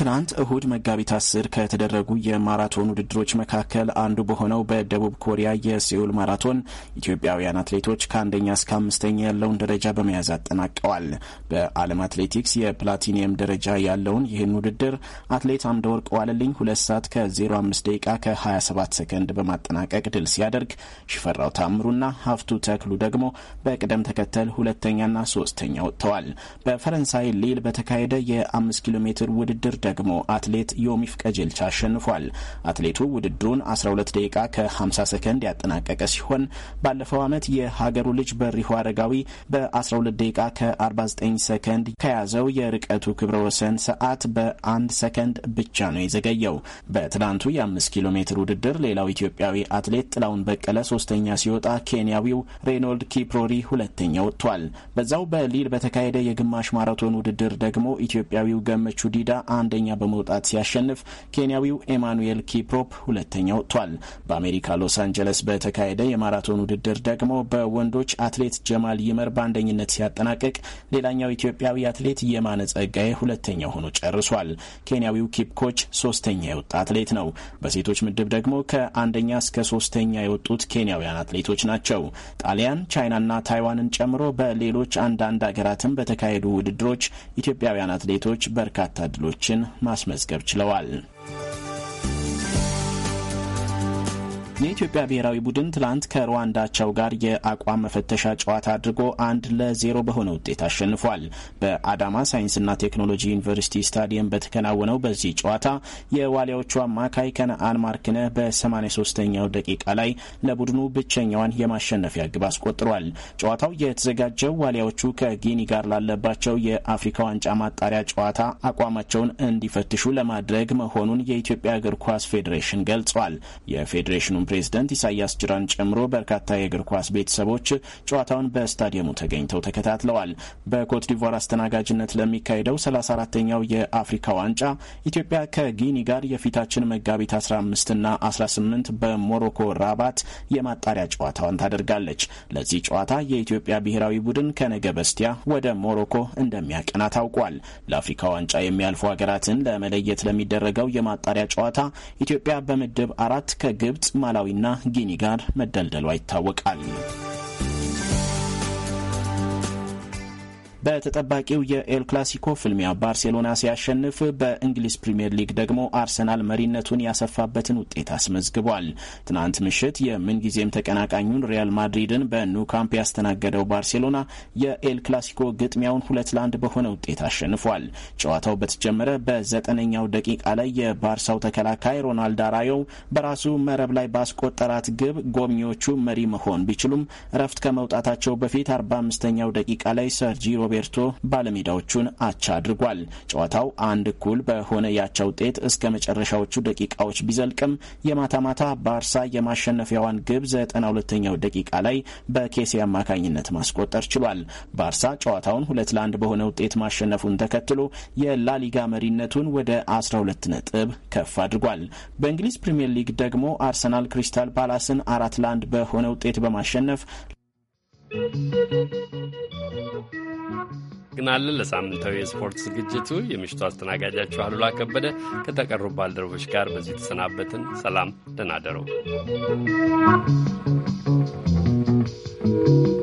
ትናንት እሁድ መጋቢት አስር ከተደረጉ የማራቶን ውድድሮች መካከል አንዱ በሆነው በደቡብ ኮሪያ የሴውል ማራቶን ኢትዮጵያውያን አትሌቶች ከአንደኛ እስከ አምስተኛ ያለውን ደረጃ በመያዝ አጠናቀዋል። በዓለም አትሌቲክስ የፕላቲኒየም ደረጃ ያለውን ይህን ውድድር አትሌት አምደወርቅ ዋለልኝ ሁለት ሰዓት ከ05 ደቂቃ ከ27 ሰከንድ በማጠናቀቅ ድል ሲያደርግ ሽፈራው ታምሩና ሀፍቱ ተክሉ ደግሞ በቅደም ተከተል ሁለተኛና ሶስተኛ ወጥተዋል። በፈረንሳይ ሊል በተካሄደ የ5 ኪሎ ሜትር ውድድር ደግሞ አትሌት ዮሚፍ ቀጀልቻ አሸንፏል። አትሌቱ ውድድሩን 12 ደቂቃ ከ50 ሰከንድ ያጠናቀቀ ሲሆን ባለፈው ዓመት የሀገሩ ልጅ በሪሁ አረጋዊ በ12 ደቂቃ ከ49 ሰከንድ ከያዘው የርቀቱ ክብረ ወሰን ሰዓት በአንድ ሰከንድ ብቻ ነው የዘገየው። በትላንቱ የ5 ኪሎ ሜትር ውድድር ሌላው ኢትዮጵያዊ አትሌት ጥላውን በቀለ ሶስተኛ ሲወጣ ኬንያዊው ሬኖልድ ኪፕሮሪ ሁለተኛ ወጥቷል። በዛው በሊል በተካሄደ የግማሽ ማራቶን ውድድር ደግሞ ኢትዮጵያዊው ገመቹ ዲዳ አንደ አንደኛ በመውጣት ሲያሸንፍ ኬንያዊው ኤማኑኤል ኪፕሮፕ ሁለተኛ ወጥቷል። በአሜሪካ ሎስ አንጀለስ በተካሄደ የማራቶን ውድድር ደግሞ በወንዶች አትሌት ጀማል ይመር በአንደኝነት ሲያጠናቅቅ፣ ሌላኛው ኢትዮጵያዊ አትሌት የማነ ጸጋዬ ሁለተኛ ሆኖ ጨርሷል። ኬንያዊው ኪፕኮች ሶስተኛ የወጣ አትሌት ነው። በሴቶች ምድብ ደግሞ ከአንደኛ እስከ ሶስተኛ የወጡት ኬንያውያን አትሌቶች ናቸው። ጣሊያን፣ ቻይናና ታይዋንን ጨምሮ በሌሎች አንዳንድ ሀገራትም በተካሄዱ ውድድሮች ኢትዮጵያውያን አትሌቶች በርካታ ድሎችን ማስመዝገብ ችለዋል። የኢትዮጵያ ብሔራዊ ቡድን ትላንት ከሩዋንዳቸው ጋር የአቋም መፈተሻ ጨዋታ አድርጎ አንድ ለዜሮ በሆነ ውጤት አሸንፏል። በአዳማ ሳይንስና ቴክኖሎጂ ዩኒቨርሲቲ ስታዲየም በተከናወነው በዚህ ጨዋታ የዋሊያዎቹ አማካይ ከነአን ማርክነህ በ83ኛው ደቂቃ ላይ ለቡድኑ ብቸኛዋን የማሸነፊያ ግብ አስቆጥሯል። ጨዋታው የተዘጋጀው ዋሊያዎቹ ከጊኒ ጋር ላለባቸው የአፍሪካ ዋንጫ ማጣሪያ ጨዋታ አቋማቸውን እንዲፈትሹ ለማድረግ መሆኑን የኢትዮጵያ እግር ኳስ ፌዴሬሽን ገልጿል። የፌዴሬሽኑ ፕሬዝደንት ኢሳያስ ጅራን ጨምሮ በርካታ የእግር ኳስ ቤተሰቦች ጨዋታውን በስታዲየሙ ተገኝተው ተከታትለዋል። በኮት አስተናጋጅነት ለሚካሄደው 34ተኛው የአፍሪካ ዋንጫ ኢትዮጵያ ከጊኒ ጋር የፊታችን መጋቢት 15ና 18 በሞሮኮ ራባት የማጣሪያ ጨዋታዋን ታደርጋለች። ለዚህ ጨዋታ የኢትዮጵያ ብሔራዊ ቡድን ከነገ በስቲያ ወደ ሞሮኮ እንደሚያቀና ታውቋል። ለአፍሪካ ዋንጫ የሚያልፉ ሀገራትን ለመለየት ለሚደረገው የማጣሪያ ጨዋታ ኢትዮጵያ በምድብ አራት ከግብጽ ማላ ማላዊና ጊኒ ጋር መደልደሏ ይታወቃል። በተጠባቂው የኤል ክላሲኮ ፍልሚያ ባርሴሎና ሲያሸንፍ በእንግሊዝ ፕሪምየር ሊግ ደግሞ አርሰናል መሪነቱን ያሰፋበትን ውጤት አስመዝግቧል። ትናንት ምሽት የምንጊዜም ተቀናቃኙን ሪያል ማድሪድን በኑ ካምፕ ያስተናገደው ባርሴሎና የኤል ክላሲኮ ግጥሚያውን ሁለት ለአንድ በሆነ ውጤት አሸንፏል። ጨዋታው በተጀመረ በዘጠነኛው ደቂቃ ላይ የባርሳው ተከላካይ ሮናልድ አራዮ በራሱ መረብ ላይ ባስቆጠራት ግብ ጎብኚዎቹ መሪ መሆን ቢችሉም እረፍት ከመውጣታቸው በፊት አርባ አምስተኛው ደቂቃ ላይ ሰርጂ ሮቤርቶ ባለሜዳዎቹን አቻ አድርጓል። ጨዋታው አንድ እኩል በሆነ ያቻ ውጤት እስከ መጨረሻዎቹ ደቂቃዎች ቢዘልቅም የማታ ማታ ባርሳ የማሸነፊያዋን ግብ ዘጠና ሁለተኛው ደቂቃ ላይ በኬሴ አማካኝነት ማስቆጠር ችሏል። ባርሳ ጨዋታውን ሁለት ለአንድ በሆነ ውጤት ማሸነፉን ተከትሎ የላሊጋ መሪነቱን ወደ 12 ነጥብ ከፍ አድርጓል። በእንግሊዝ ፕሪምየር ሊግ ደግሞ አርሰናል ክሪስታል ፓላስን አራት ለአንድ በሆነ ውጤት በማሸነፍ እናመሰግናለን። ለሳምንታዊ የስፖርት ዝግጅቱ የምሽቱ አስተናጋጃችሁ አሉላ ከበደ ከተቀሩ ባልደረቦች ጋር በዚህ የተሰናበትን። ሰላም thank you